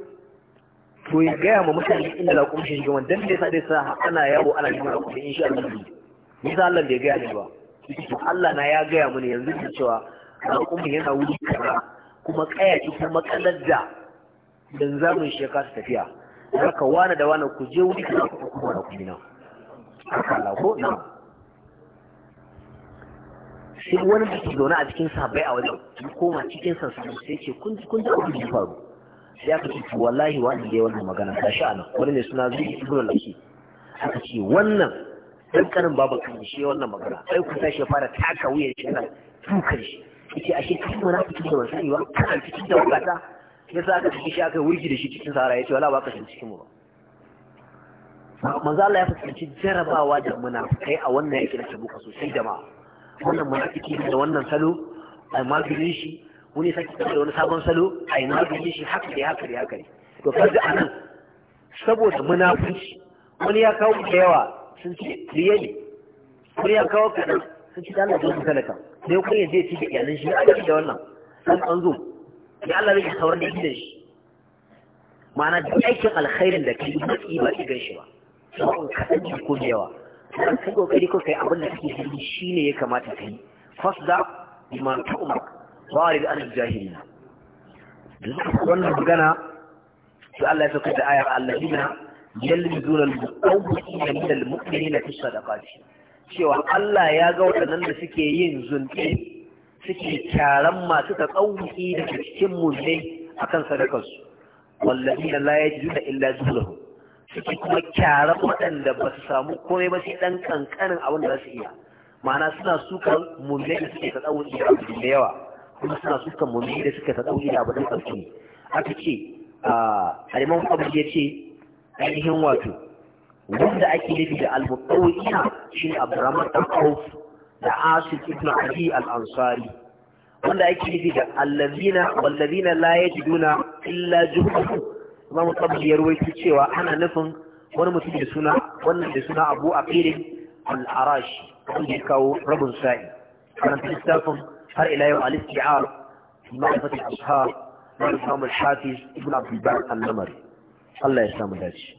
to ya gaya ma mutane inda za ku shi wanda dan da yasa dai sa ana yawo ana shi a kuma insha Allah ne yasa Allah ya gaya ni ba Allah na ya gaya mu ne yanzu da cewa al'umma yana wuri kaza kuma kaya cikin makalar da dan zamun shi ya kasa tafiya haka wani da wani ku je wuri kaza ku kuma na kuma na Allah ko na'am sai wani da ke zaune a cikin sabai a wajen ya koma cikin sansanin sai ce kun ji kun da abin da faru sai aka ce wallahi wani da wannan magana ta sha nan wani ne suna zuwa ibnu laki aka ce wannan dan karin babu kan shi wannan magana ai ku tashi fara taka wuyan shi na tukar shi yace ashe kai mana kike da wannan yiwa kana cikin da wakata sa aka tafi shi aka wurgi da shi cikin sahara yace wala ba ka shi cikin mu ba manzo Allah ya fuskanci jarabawa da munafikai a wannan yake da tabuka sosai jama'a wannan munafiki da wannan salo ai maganin shi wani sake da wani sabon salo ai maganin shi haka da haka da haka to kaga anan saboda munafici wani ya kawo da yawa sun ce riye ne wani ya kawo kaɗan sun ce dana zo su talaka sai kuma ya ci da iyalan shi ya da wannan Sun an zo ya Allah zai sauran da gidan shi ma'ana duk aikin alkhairin da kai yi ki ba ki gan shi ba sun kaɗan ne ko da yawa kai kokari ko kai abin da kake gani shine ya kamata kai fasda bima ta'mar da an jahilina wannan magana to Allah ya saukar da ayar alladina yalmizuna al-muqawwina min al-mu'minina fi sadaqati cewa Allah ya ga waɗannan da suke yin zunti suke kyaran masu tsauki da cikin ne akan sadakarsu wallahi la yajiduna illa zuhurahum suke kuma kyara waɗanda ba su samu komai ba sai ɗan ƙanƙanin abin da za su iya ma'ana suna sukan mummai da suke ta tsawon iya abu da yawa kuma suna sukan mummai da suke ta tsawon iya abu da ƙarfi aka ce aliman kwabar ya ce ainihin wato wanda ake nufi da almuɗau'ina shi ne abdurrahman ɗan auf da asif ibn ali al-ansari wanda ake nufi da allazina wallazina la yajiduna illa juhdahum imamu tabari ya ruwaito cewa ana nufin wani mutum da suna wannan da suna abu a filin al'arashi wanda ya kawo rabin sa'i ta littafin har ila yau al-isti'ar ma'rifatul ashab na imam al ibn abdul al-namari Allah ya samu dace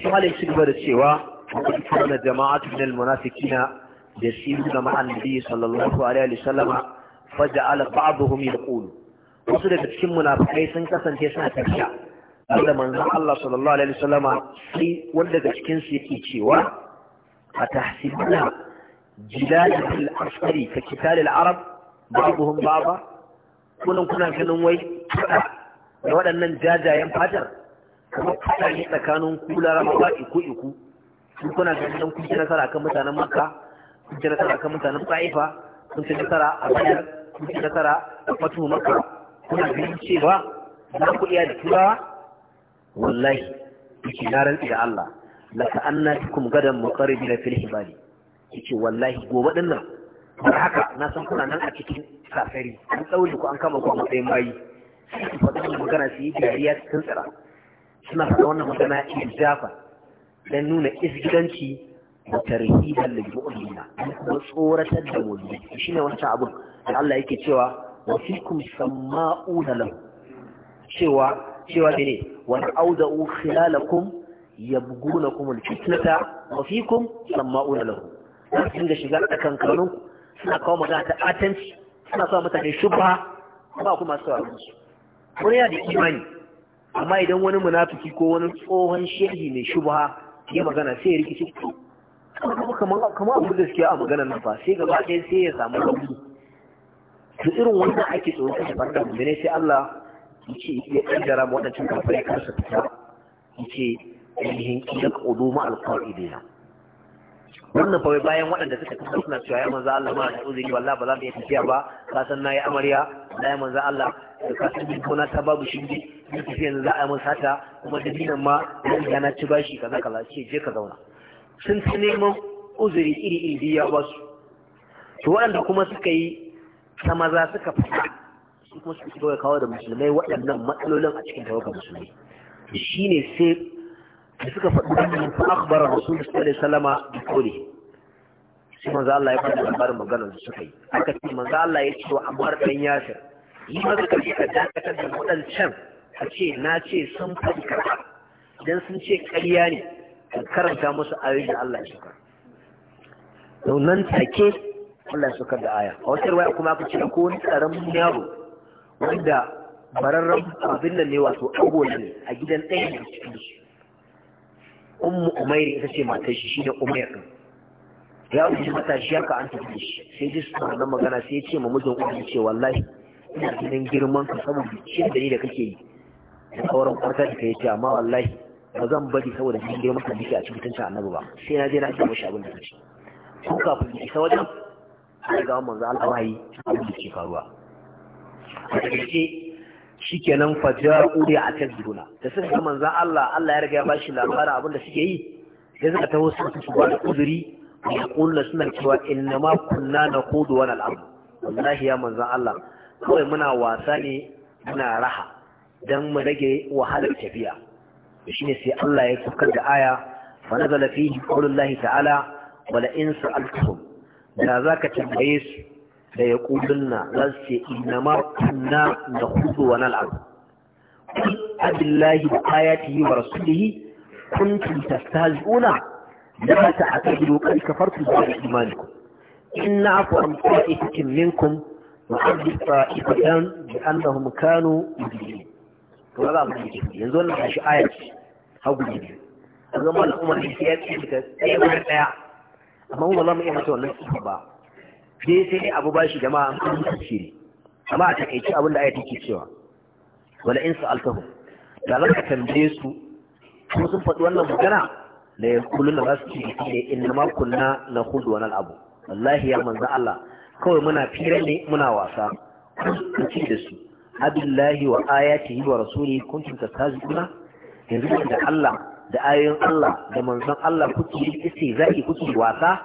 shi malai shi gaba da cewa وقد كان جماعة من المنافقين يسيرون مع النبي صلى الله عليه وسلم فجعل بعضهم يقول wasu daga cikin munafikai sun kasance suna tafiya da manzon Allah sallallahu alaihi wasallama sai wanda daga cikin su yake cewa a tahsibuna jilalatul asfari ka kitalil arab babuhum baba kunan kuna ganin wai da waɗannan jajayen fatar kuma fada ne tsakanin ku larabawa iku iku kun kuna ganin kun ci nasara kan mutanen makka kun ci nasara kan mutanen taifa kun ci nasara a bayar kun ci nasara a fatu makka kuna ganin cewa za ku iya da turawa wallahi yake na rantsi da Allah la ka annatukum gadan muqarribina fil hibali yake wallahi gobe din nan har haka na san kuna nan a cikin safari an tsauri ku an kama ku a matsayin bayi sai faɗa magana su yi dariya cikin suna faɗa wannan magana ijafa dan nuna isgidanci da tarhiban lil mu'minina kuma tsoratar da mu'mini shine wancan abun da Allah yake cewa wa fikum sama'una lahu cewa cewa ne wa auda'u khilalakum yabgunakum alfitnata wa fikum sama'una lahu sun da shiga tsakan kanun suna kawo magana ta atanci suna sa mutane shubha ba kuma su a su ya da imani amma idan wani munafiki ko wani tsohon shehi mai shubha ya magana sai ya rikice kamar kamar abu da suke a maganar nan ba sai gaba ɗaya sai ya samu rauni to irin wannan ake tsoro kashe farda da ne sai Allah ce ya kaddara mu wadancan kafirai kar su fita yace ainihin kidak uduma alqaidina wannan fa bayan waɗanda suka kasa suna cewa ya manzo Allah ma da uzuri wallahi ba za mu iya tafiya ba ka san nayi amarya da ya manzo Allah da ka san ko na ta babu shinge ni tafiya za a mun sata kuma da dinan ma ya na ci bashi kaza kaza ce je ka zauna sun ta neman uzuri iri iri biya ba su to waɗanda kuma suka yi ta maza suka fita su kuma su shigo kawo da musulmai waɗannan matsalolin a cikin tawaka musulmai shi ne sai da suka faɗi wannan yin akhbara rasul sallallahu alaihi wasallama bi qawli shi manzo Allah ya faɗi labarin magana da suka yi aka ce manzo Allah ya ce wa Ammar ɗan Yasir yi ka ce a dakatar da waɗancan a ce na ce sun faɗi karɓa idan sun ce ƙarya ne ka karanta musu ayoyin da Allah ya shuka. nan take Allah ya saukar da aya a wata waya, kuma aka ce ko wani karamin yaro wanda bararren abin nan ne wato agwal ne a gidan ɗaya da cikin su ummu umair ita ce matar shi shine umair din ya wuce mata shi haka an tafi shi sai dai su na magana sai ya ce ma mijin uwa ce wallahi ina ganin girman ka saboda cin da ni da kake yi da sauran kwarta da kai ce amma wallahi ba zan bari saboda jin girman ka dake a cikin annabi ba sai na je na ce mashi abin da kake ko kafin isa wajen a ga manzo Allah mai abin da ke faruwa a take shikenan faja'u da atazuna da suka ga manzo Allah Allah ya riga ya bashi labarin abin da suke yi sai suka taho su su ba uzuri ya kulla suna cewa inna ma kunna kudu wani al'amu. wallahi ya manzo Allah kawai muna wasa ne muna raha dan mu rage wahalar tafiya shine sai Allah ya saukar da aya fa nazala fihi ta'ala wala in sa'altahum da za ka tambaye su da ya ƙudunna za su ce inama kunna da kudu wa nal'abu kun abillahi da yi wa rasulihi kuntum tastahzi'una la ta'tadilu qad kafartum ba'da imanikum in na'fu an ta'ifatin minkum وحدث طائفتان بأنهم كانوا مجرمين ولا hagu ينزل لها شعاية أو مجرمين أظن الأمر في سياسة كتاب amma ba za mu iya mata wannan sifa ba sai sai dai abu bashi jama'a an kuma tafsiri amma a takaice abin da ayat yake cewa wala in sa'altahum da za ka tambaye su Ko sun faɗi wannan magana da ya kullun da za su ci ne inna ma kunna na hudu wannan abu wallahi ya manzo Allah kawai muna fira ne muna wasa kun ci da su abillahi wa ayatihi wa rasuli kuntum tastazibuna yanzu da Allah da ayoyin Allah da manzon Allah kuke yi zaki kuke wasa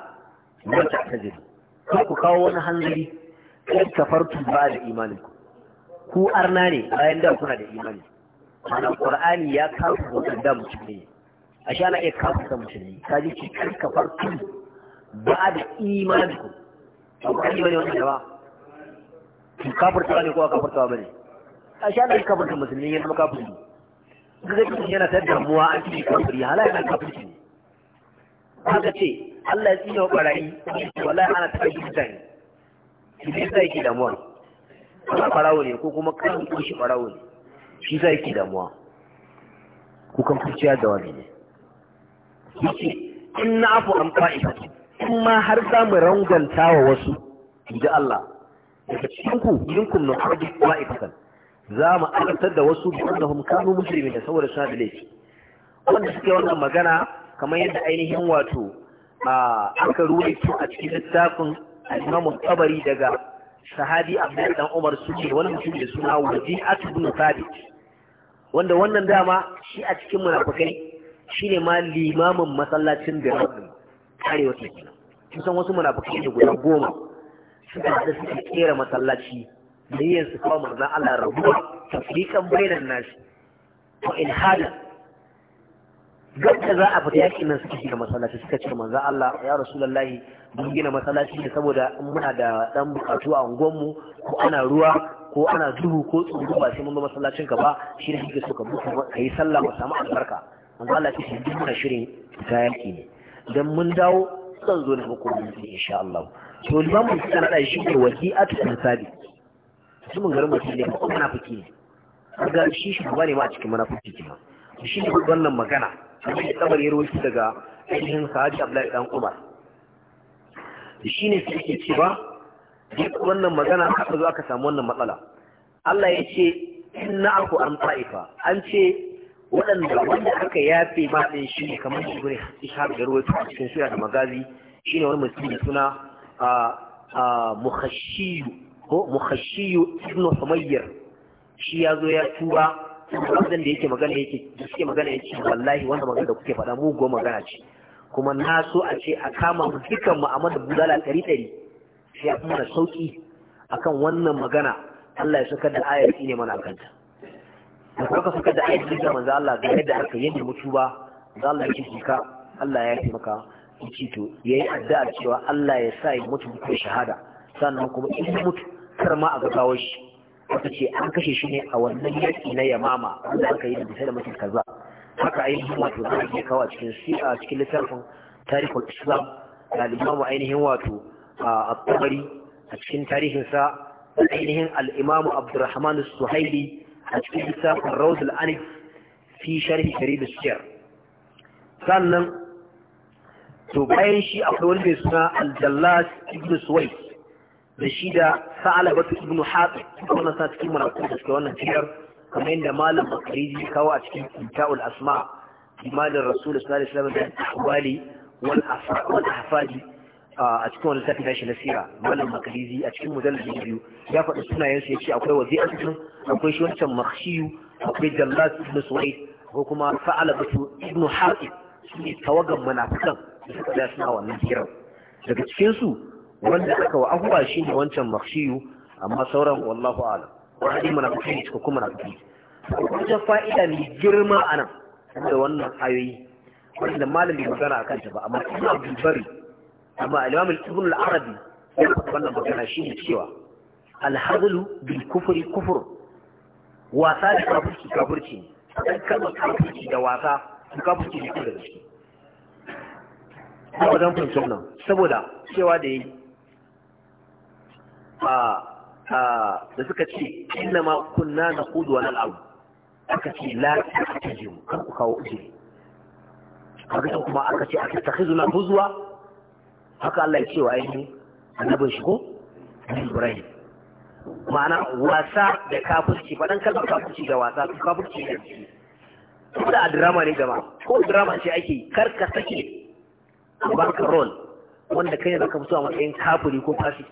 na ta tajiri kar ku kawo wani hanzari ka kafartu ba da imanin ku ku arna ne bayan da kuna da imani ana qur'ani ya kafu wannan da ne, a sha na iya kafu da musulmi ka ji ki ka kafartu ba da imanin ku akwai bane wannan da ba kafirta ne ko ba ne, a sha na mutum ne ya zama kafirta zai kasance yana ta damuwa an ci kafiri halayen kafirci ne haka ce Allah ya tsina wa barayi wala ana ta yi mutane shi ne sai yake damuwa ba farawo ne ko kuma kan ko shi farawo ne shi sai ki damuwa ku kan kurciya da wani ne yace in na afu an fa'ida in har za mu ranganta wa wasu inji Allah daga cikin ku yinkum na ardi wa ifatan za mu azabtar da wasu wanda annahum kanu mujrimin saboda suna da laifi wanda suke wannan magana kamar yadda ainihin wato aka ruwaito a cikin littafin al-Imam Tabari daga sahabi Abdul dan Umar suke wani mutum da suna Wadi'atu bin sabit wanda wannan dama shi a cikin munafikai shine ma limamin masallacin da rabbi arewa kenan kusan wasu munafikai da guda goma suka da suke kera masallaci niyyar su kawo manzan Allah rabuwa tafrikan bainan nashi to in hada gabta za a fita yakin nan suka shiga masallaci suka ce manzan Allah ya rasulullahi mun gina masallaci ne saboda in muna da dan bukatu a unguwanmu ko ana ruwa ko ana duhu ko tsoro ba sai mun zo masallacin ka ba shi ne kike so ka buka ka yi sallah mu samu albarka manzan Allah ya ce duk muna shirin ta yaki ne dan mun dawo zan zo na hukumar insha Allah to limamin suka nada shi ne wasi'atu ansabi mutumin garin mutum ne ko munafiki ne kaga shi ba ne ma a cikin munafiki ne shi ne wannan magana shi kabar ya rawaito daga ainihin sahabi Abdullahi dan Umar shi ne sai yake cewa duk wannan magana aka zo aka samu wannan matsala Allah ya ce inna aku an ta'ifa an ce waɗanda wanda aka yafe ba ɗin shi ne kamar shi gure ishaq da ruwa a cikin sura da magazi ne wani mutum da suna a ah, ah, mukhashiyu ko mukhashiyu ibn humayr shi ya zo ya tuba wannan da yake magana yake da suke magana yake wallahi wannan magana da kuke faɗa mu go magana ce kuma na so a ce a kama mu dukan mu amma da budala ɗari ɗari sai a kuma da sauki akan wannan magana Allah ya saka da ayati ne mana kanta da kuka saka da ayati da manzo Allah ga yadda aka yi mutu ba za Allah yake jika Allah ya yi maka ci to yayi addu'a cewa Allah ya sa ya mutu ko shahada sannan kuma in mutu kar ma a kawo shi wata ce an kashe shi ne a wannan yaƙi na yamama wanda aka yi da bisa da mutum kaza haka ainihin wato za a kawo a cikin si'a cikin littafin tarihul islam da limamu ainihin wato a tabari a cikin tarihinsa da ainihin al'imamu abdurrahman suhaili a cikin littafin rawdul anif fi sharhi sharif siyar sannan to bayan shi akwai wani mai suna al aljallas ibn suwai da shi da sa'alabatu ibnu hatib wannan sa cikin maraku da suke wannan ciyar kamar yadda malam bakariji kawo a cikin kitabul asma imanin rasul sallallahu alaihi wasallam da ahwali wal afaq wal ahfadi a cikin wani tafi nashi nasira malam makarizi a cikin mujallabi biyu ya faɗi sunayensu ya ce akwai wazi'atun akwai shi wancan makhshiyu akwai jallas ibn suwaid ko kuma sa'alabatu ibnu hatib su ne tawagan munafikan da suka da suna wannan hirar daga cikinsu wanda aka wa abuwa shi ne wancan makshiyu amma sauran wallahu ala wani mana ne suka kuma munafiki wata fa'ida ne girma a nan da wannan ayoyi wanda malami magana akan ta ba amma ibn abdul bari amma al-imam ibn al-arabi ya faɗa wannan magana shi ne cewa al-hadlu bil kufri kufr wasa da kafirci kafirci ne dan kalmar kafirci da wasa kafirci ne kuma da shi. Ba wajen fahimci nan saboda cewa da yi da suka ce inna ma kunna na kudu wa nal'abu aka ce la a cikin mu kan ku kawo ujiri haka ta kuma aka ce aka tafi na huzwa haka Allah ya ce wa ainihin annabin shi ko Ibrahim ma'ana wasa da kafirci faɗan kalmar kafirci da wasa kafirci da ciki ko da a drama ne gama ko drama ce ake kar ka sake baka role wanda kai ne zaka fito a matsayin kafiri ko fashi.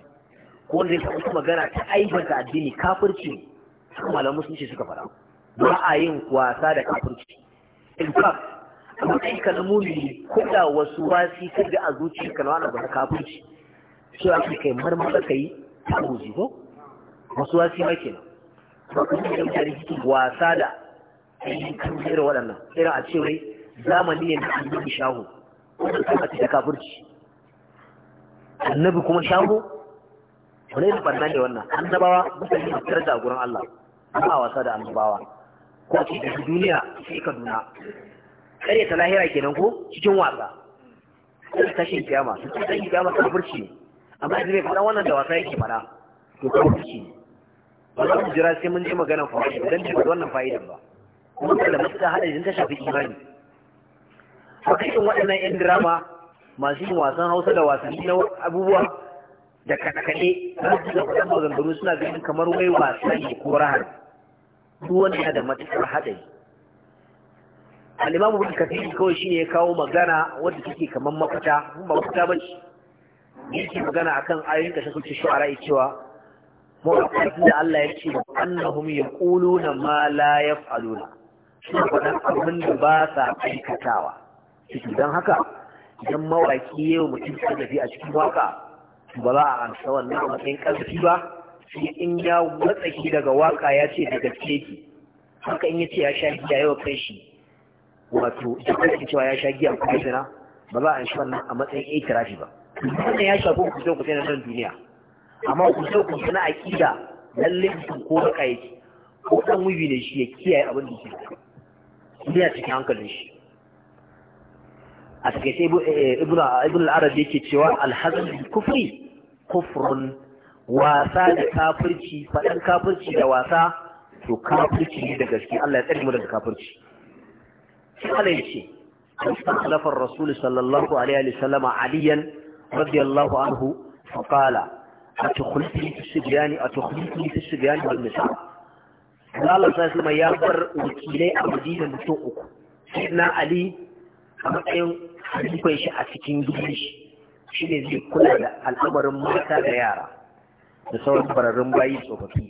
ko wanda yake wata magana ta ta addini kafirci haka malamu ce suka faɗa ba a yin wasa da kafirci in fact a matsayin kalmu ne ko da wasu wasi ka ga a zuciyarka na wani abu kafirci so ya fi kai marmara ka yi ta guji ko wasu wasi ma kenan ba ku yi da mutane wasa da ayyukan irin waɗannan irin a ce wai zamani ne da annabi shahu wanda suka da kafirci annabi kuma shahu wani irin barna ne wannan annabawa mutane da fitar da gurin Allah ba wasa da annabawa ko a cikin duniya sai Kaduna kare ta lahira kenan ko cikin wasa sai tashin kiyama su tashin kiyama ta burci ne amma idan bai fara wannan da wasa yake fara to ta burci ne ba za mu jira sai mun ji maganar fa'ida dan ba wannan fa'idan ba kuma da mutum hada idan ta shafi imani a cikin waɗannan 'yan drama masu yin wasan hausa da wasanni na abubuwa da kaɗe wasu da kuɗin suna ganin kamar wai wasan ne ko rahar duk wanda yana da matuƙar haɗari alimamu bin kafin kawai shine ya kawo magana wadda take kamar mafita kuma ba mafita ba ce yake magana akan ayoyin da suke shu'ara cewa mawaƙaƙi da Allah ya ce annahum yaquluna ma la yaf'aluna ne faɗan abin da ba sa aikatawa don haka idan mawaki yayin mutum tallafi a cikin waka ba za a amsa wannan a matsayin ƙarfi ba sai in ya shi daga waka ya ce da gaske ki haka in ya ce ya sha giya yawa kai shi wato da kake cewa ya sha giya kuma zina ba za a amsa wannan a matsayin itirafi ba wannan ya shafi kusa kusa na nan duniya amma kusa kusa na aƙida lalle mutum ko da kayyaki ko dan wibi ne shi ya kiyaye abin da yake ya cikin hankalin shi a cikin eh, eh, ibn al’arabi ke cewa alhazan kufri kufrun wasa da kafirci faɗin kafirci da wasa to kafirci ne da gaske Allah ya tsarki mu daga kafirci shi Allah ya ce Allah halafar rasul sallallahu alaihi wa sallama aliyan radiyallahu anhu fa qala atukhlifu fi sibyani atukhlifu fi sibyani wal nisa Allah sai ya bar wakilai a madina mutum uku sai na ali a matsayin a jikon shi a cikin gidan shi shi ne zai kula da al'amarin mata da yara da sauran bararrun bayi tsofaffi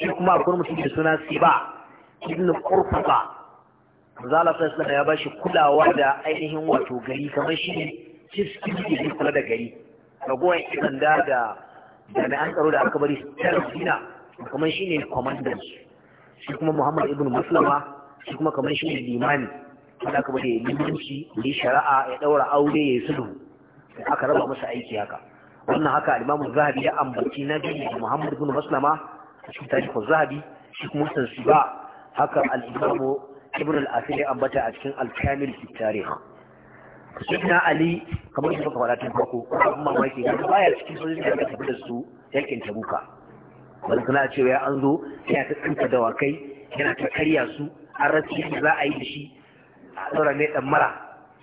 shi kuma akwai mutum da suna siba ibn qurfaqa zala fasala ya bashi kulawa da ainihin wato gari kamar shi ne cikin da kula da gari ragowar idan da da jami'an tsaro da aka bari tarfina kamar shi ne kwamandan shi kuma muhammad ibn muslima shi kuma kamar shi ne limani wanda kuma da limanci ya shari'a ya daura aure ya sulhu aka raba masa aiki haka wannan haka al-Imam Zahabi ya ambaci na biyu Muhammad ibn Maslama a cikin tarihin Zahabi shi kuma san ba haka al Ibn al-Asiri ambata a cikin al-Kamil fi tarikh Sayyidina Ali kamar yadda kuka faɗa farko abin mamaki ga baya cikin sojojin da ya tafi da su yakin Tabuka wani suna cewa an zo yana ta tsinka dawakai yana ta karya su an rasa za a yi da shi a ne mai ɗan mara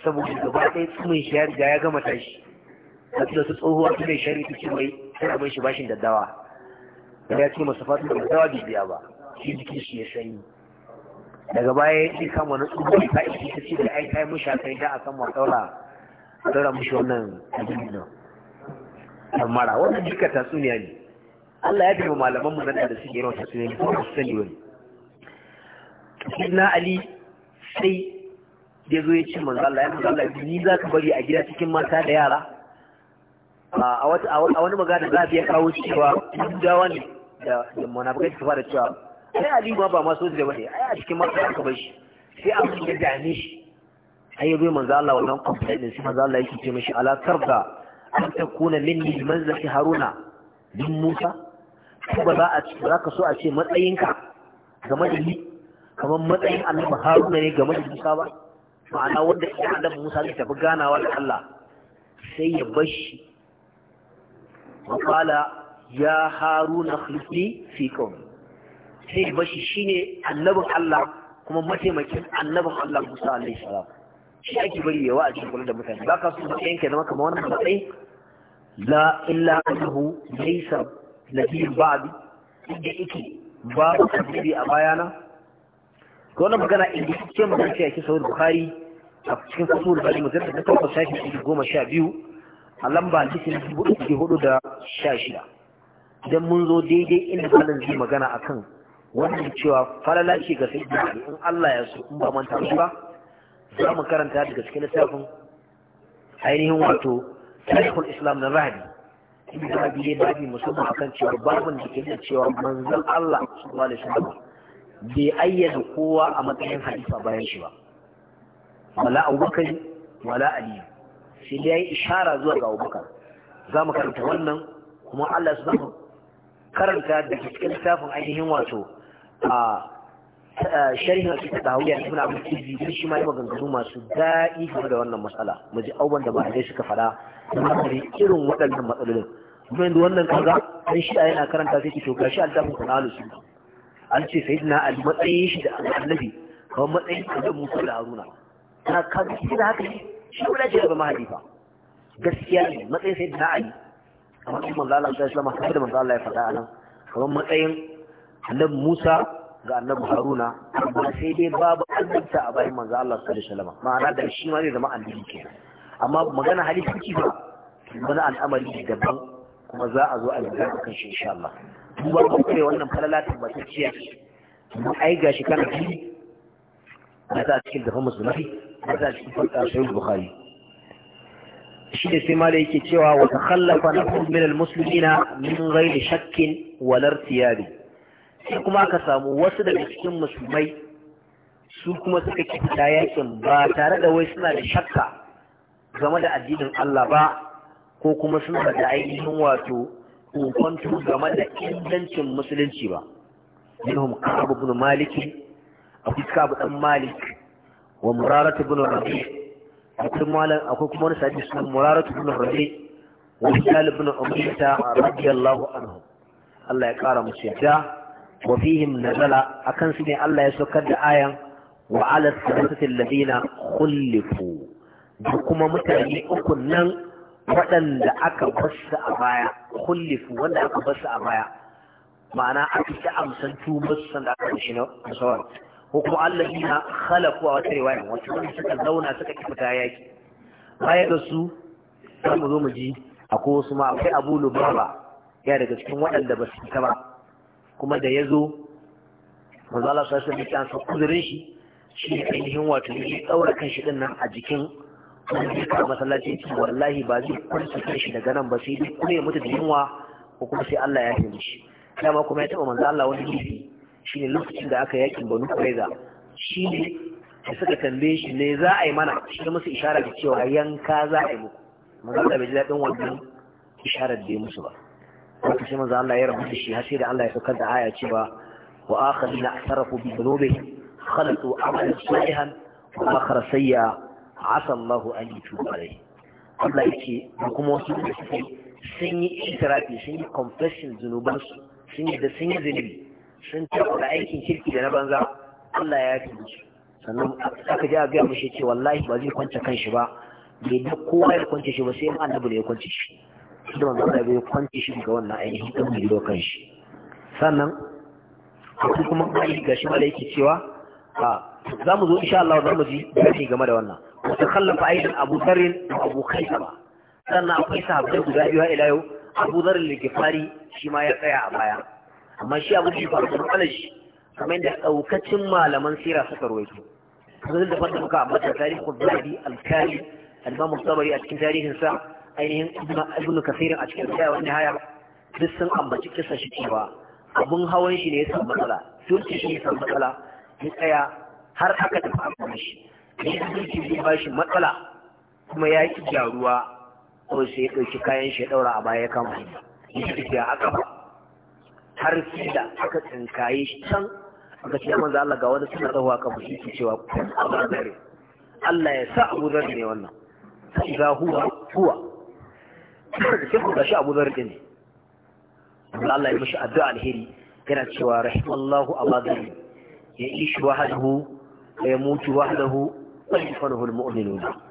saboda gaba ɗaya tsumin shi ya ya gama tashi a cikin wasu tsohuwa su mai shari'a cikin mai tana mai shi bashin daddawa da ya ce masa fatan da daddawa bai biya ba shi jikin shi ya sanyi daga baya ya ce kama na tsohuwa ta ishi ta ce da ai kai mushi haka da a kan ma ɗaura ɗaura mushi wannan abin nan ɗan mara wannan duka tatsuniya ne Allah ya tafi malaman mu nan da suke yawan tatsuniya ne kuma su sani wani. Sidna Ali sai ya zo ya ce manzala ya manzala Allah ni za ka bari a gida cikin mata da yara a wani magana za a biya kawo cewa Yahudawa ne da da munafikai suka fara cewa ai Ali ma ba ma so da bane ai a cikin mata aka bar shi sai abin ya dame shi ai ya zo manzo Allah wannan complaint din sai manzo Allah yake ce mishi ala tarda an takuna minni manzaki Haruna din Musa ko ba za a za ka so a ce matsayinka game da ni kamar matsayin annabi Haruna ne game da Musa ba ma'ana wanda idan annabi Musa zai tafi ganawa da Allah sai ya bar shi wa ya haruna khlifi fi sai ya bar shi ne annabin Allah kuma mataimakin annabin Allah Musa alaihi salam shi ake bari yawa a cikin kula da mutane ba ka so ba yanke zama kamar wannan matsayi la illa annahu laysa nabiyyin ba'di inda yake babu annabi a bayana ko na magana in cikin magana ce ke sahih bukhari a cikin kusur bukhari mutum da takwas shafi goma sha biyu a lamba cikin hudu da hudu da sha shida idan mun zo daidai inda malam zai magana akan wannan cewa falala ce ga sayyidina ali in Allah ya so in ba manta ba za mu karanta daga cikin littafin ainihin wato tarihul islam na rahadi inda rabi ne babi musamman akan cewa babin da ke cewa manzan Allah sallallahu alaihi wasallam bai ayyana kowa a matsayin hadisa bayan shi ba wala abubakar wala aliyu sai dai ya yi ishara zuwa ga abubakar za mu karanta wannan kuma allah su zama karanta da cikin littafin ainihin wato a sharhin a cikin tahawiyya ibn abu tizi din shi ma yi maganganu masu daɗi game da wannan matsala mu ji abubuwan da a suka faɗa da masari irin waɗannan matsalolin kuma yanzu wannan kaza an shi yana karanta sai ki shi a al-dafu kun an ce sai na ali matsayin shi da annabi kawai matsayin da musu da haruna na kaga shi da haka shi guda ce daga mahalifa gaskiya ne matsayin sai na ali kamar kuma manzo Allah ta sallama kamar da manzo Allah ya faɗa a nan kamar matsayin annabi Musa ga annabi Haruna amma sai dai babu annabta a bayan manzo Allah sallallahu alaihi wasallam ma'ana da shi ma zai zama annabi kenan amma magana halifanci ba wani al'amari daban kuma za a zo a yi kan shi insha Allah duba ko kare wannan falala tabbatacciya ai gashi kana ji za ta cikin dafa musulmai ba ta cikin farka sahih bukhari shi da sai mala yake cewa wa takhallafa nafsu min almuslimina min ghairi shakkin wa lartiyabi sai kuma aka samu wasu daga cikin musulmai su kuma suka fita yakin ba tare da wai suna da shakka game da addinin Allah ba ko kuma suna da ainihin wato kokonto game da ingancin musulunci ba minhum ka'ab ibn malik akwai ka'ab dan malik wa murarat ibn rabi akwai akwai kuma wani sahabi sunan murarat ibn rabi wa hilal ibn umayta radiyallahu anhu Allah ya kara musu yadda wa fihim nazala akan su ne Allah ya saukar da ayan wa ala salatati alladhina khulifu da kuma mutane uku nan waɗanda aka basu a baya kullifu wanda aka basu a baya ma'ana a ci amsan tubar sanda aka shi na musamman ko kuma Allah yi na a wata riwaya wacce wanda suka zauna suka ki fita yaki baya ga su za mu zo mu ji a ko su ma akwai Abu Lubaba ya daga cikin waɗanda ba su fita ba kuma da ya zo manzo Allah sallallahu alaihi wasallam an san shi shi ainihin wato ya ɗaura kan shi ɗin nan a jikin a masallaci ce wallahi ba zai kwanta shi daga nan ba sai duk kuma ya mutu da yunwa ko kuma sai Allah ya himi shi dama kuma ya taba manzo Allah wani bibi shine lokacin da aka yakin Banu Qurayza shine da suka tambaye shi ne za a yi mana shi musu isharar da cewa yanka za a yi muku manzo Allah bai ji dadin wannan isharar da ya musu ba wata shi manzo Allah ya rabu rubuta shi har sai da Allah ya saukar da aya cewa wa akharina asrafu bi dhunubihim khalatu amalan salihan wa akhara sayyi'a asa Allahu an yi tubarai Allah yake da kuma wasu da suke sun yi itirafi sun yi confession zunubansu sun yi da sun yi zunubi sun taɓa da aikin kirki da na banza Allah ya yafi musu sannan aka ji a gaya mishi ce wallahi ba zai kwance kanshi ba bai da kowa ya kwance shi ba sai ma annabi da ya kwance shi da wanda Allah bai kwance shi ga wannan ainihin ɗan mai zo kanshi sannan akwai kuma ayi shi ma da yake cewa ah, za mu zo insha Allah za mu ji bayani game da wannan wata kallafa aidan abubarin da abokai saba sannan akwai sahabbai guda biyu a ila yau abubarin da ke fari shi ya tsaya a baya amma shi abu shi faru kuma kalashi kamar yadda daukacin malaman sira suka ruwaito kuma zai dafa da muka amma ta tarihi ko zaɓi alkali alba mustabari a cikin tarihinsa ainihin ibnu kafirin a cikin tsaya wani haya duk sun ambaci kisa cewa abun hawan shi ne ya san matsala sun ce shi ya san matsala ya tsaya har aka tafi amfani shi yake zai ba shi matsala kuma ya ki jaruwa ko sai ya ɗauki kayan shi ya ɗaura a baya kan hanya ya tafiya a ƙafa har sai da aka tsinkaye shi can aka ce manzo Allah ga wani suna tsawo a ƙafa shi ke cewa Abu Dharr Allah ya sa Abu Dharr ne wannan sai ga huwa huwa sai ku gashi Abu Dharr ne Allah ya mishi addu'a alheri yana cewa rahimallahu Abu Dharr ya ishi wahdahu ya mutu wahdahu bai farhul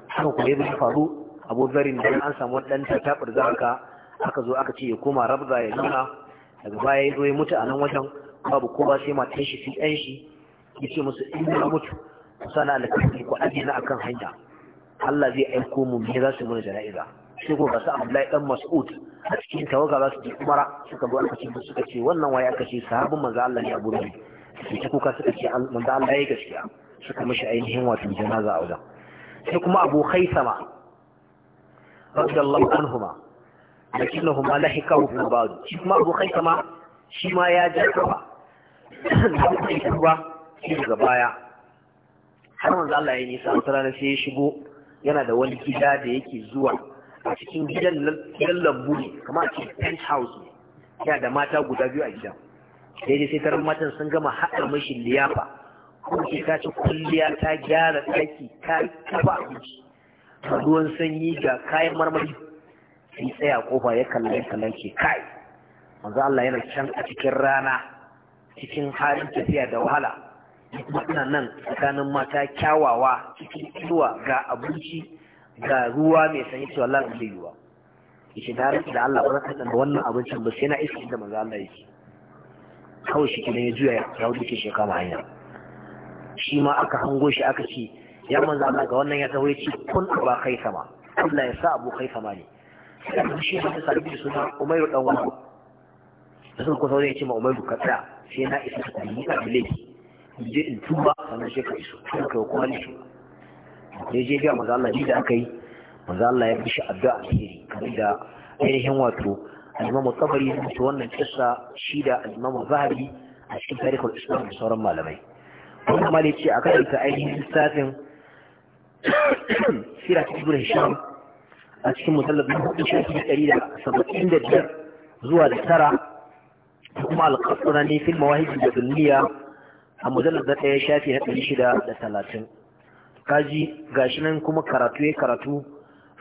haka kuma ya faru Abu Zarin dan an samu dan ta tabar zaka aka zo aka ce ya koma rabza ya nuna daga baya yazo ya mutu a nan wajen babu kowa sai matan shi fi ɗan shi yace musu in na mutu sana da ko ku aje na akan hanya Allah zai aiko mu me za su mana jana'iza sai ko ga su Abdullahi dan Mas'ud a cikin tawaga za su je kuma suka zo aka ce suka ce wannan waye aka ce sahabin manzo Allah ne Abu Zarin sai kuka suka ce manzo Allah ya gaskiya suka mishi ainihin wato janaza a wajen sai kuma abu khaisama radiyallahu anhuma lakinnahuma lahikahu fil ba'd shi kuma abu khaisama shi ma ya ji kafa da kuma tuba shi ga baya har manzo Allah ya nisa tsara rana sai ya shigo yana da wani gida da yake zuwa a cikin gidan lambu ne kamar a cikin penthouse ne yana da mata guda biyu a gidan daidai sai taron matan sun gama haɗa mashi liyafa ko ta ka ci kulliya ta gyara ɗaki ta kafa abinci ta ruwan sanyi ga kayan marmari sai tsaya kofa ya kallon kallon ke kai manzo Allah yana can a cikin rana cikin halin tafiya da wahala kuma ina nan tsakanin mata kyawawa cikin inuwa ga abinci ga ruwa mai sanyi cewa Allah zai yiwa yace da rafi da Allah ba zan da wannan abincin ba sai na iska da manzo Allah yake kawai shi kidan ya juya ya wuce shekara hanyar. shi ma aka hango shi aka ce ya manza Allah ga wannan ya taho ya ce kun aba kai sama Allah ya sa abu kai sama ne sai shi ma sai da suna Umairu dan wani da sun kusa ya ce ma Umairu ka tsaya sai na isa ka yi ka dole je in tuba sannan sai ka iso kuma ka kuma ne ne je ga manza Allah da aka yi manzo Allah ya bishi addu'a alheri kamar da ainihin wato al-Imam Tabari ya wannan kissa shi da imam Zahabi a cikin tarihul Islam da sauran malamai wanda ma ce a karanta ainihin lissafin sira ta ibn hisham a cikin musallar na hudu shafi ɗari da saba'in da biyar zuwa da tara da kuma alƙasura ne fil mawahibin da duniya a mujallar da ɗaya shafi na ɗari shida da talatin kaji gashi nan kuma karatu ya karatu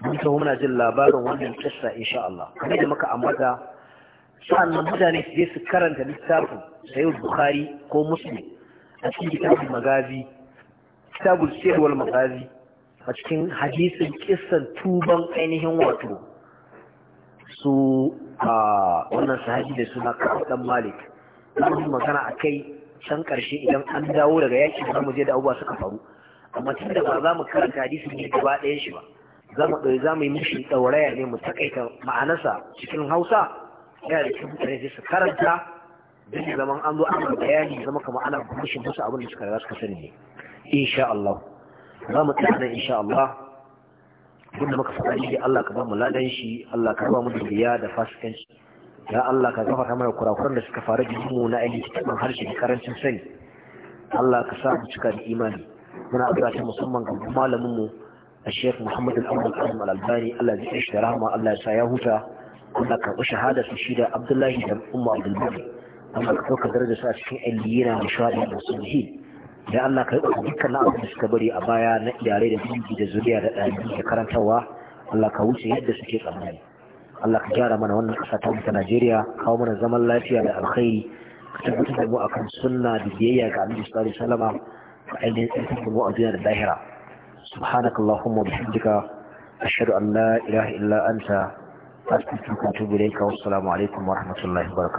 mun taho muna jin labarin wannan kissa insha Allah kamar da muka ambata sa'annan mutane su je su karanta littafin sayyid bukhari ko muslim a cikin kitabul magazi kitabul sir wal magazi a cikin hadisin kissan tuban ainihin wato su a wannan sahabi da suna kaɗan malik zamu magana a kai can ƙarshe idan an dawo daga yaki da mu je da abubuwa suka faru amma tun da ba za mu karanta hadisin ne gaba ɗayan shi ba za mu ɗauki za mu yi mishi ɗauraya ne mu takaita ma'anarsa cikin hausa yana da cikin mutane zai su karanta dan zaman an zo ana bayani zama kamar ana kushin musu abin da suka riga suka sani ne insha Allah za mu tsaya nan insha Allah duk da muka faɗa shi Allah ka ba mu ladan shi Allah ka ba mu dubiya da fasikanci ya Allah ka gafarta mana kurakuran da suka faru da mu na aiki cikin harshe da karancin sani Allah ka sa mu cika da imani muna addu'a ta musamman ga malamin mu الشيخ محمد الأول القاسم الألباني الذي اشتراهما الله سيهوتا كنا كشهادة شهيدة عبد الله بن أم عبد البر Allah ka ɗauka daraja su a cikin aliyina da shaɗi da sulhi da Allah ka ɗauka dukkan na abin da suka bari a baya na iyalai da dangi da zuriya da ɗalibi da karantarwa Allah ka wuce yadda suke tsammani Allah ka gyara mana wannan ƙasa ta ta Najeriya kawo mana zaman lafiya da alkhairi ka tabbatar da mu akan sunna da biyayya ga Annabi sallallahu alaihi wasallam ainihin tsarkin mu a duniya da lahira سبحانك اللهم وبحمدك أشهد أن لا إله إلا أنت أستغفرك وأتوب إليك والسلام عليكم ورحمة الله وبركاته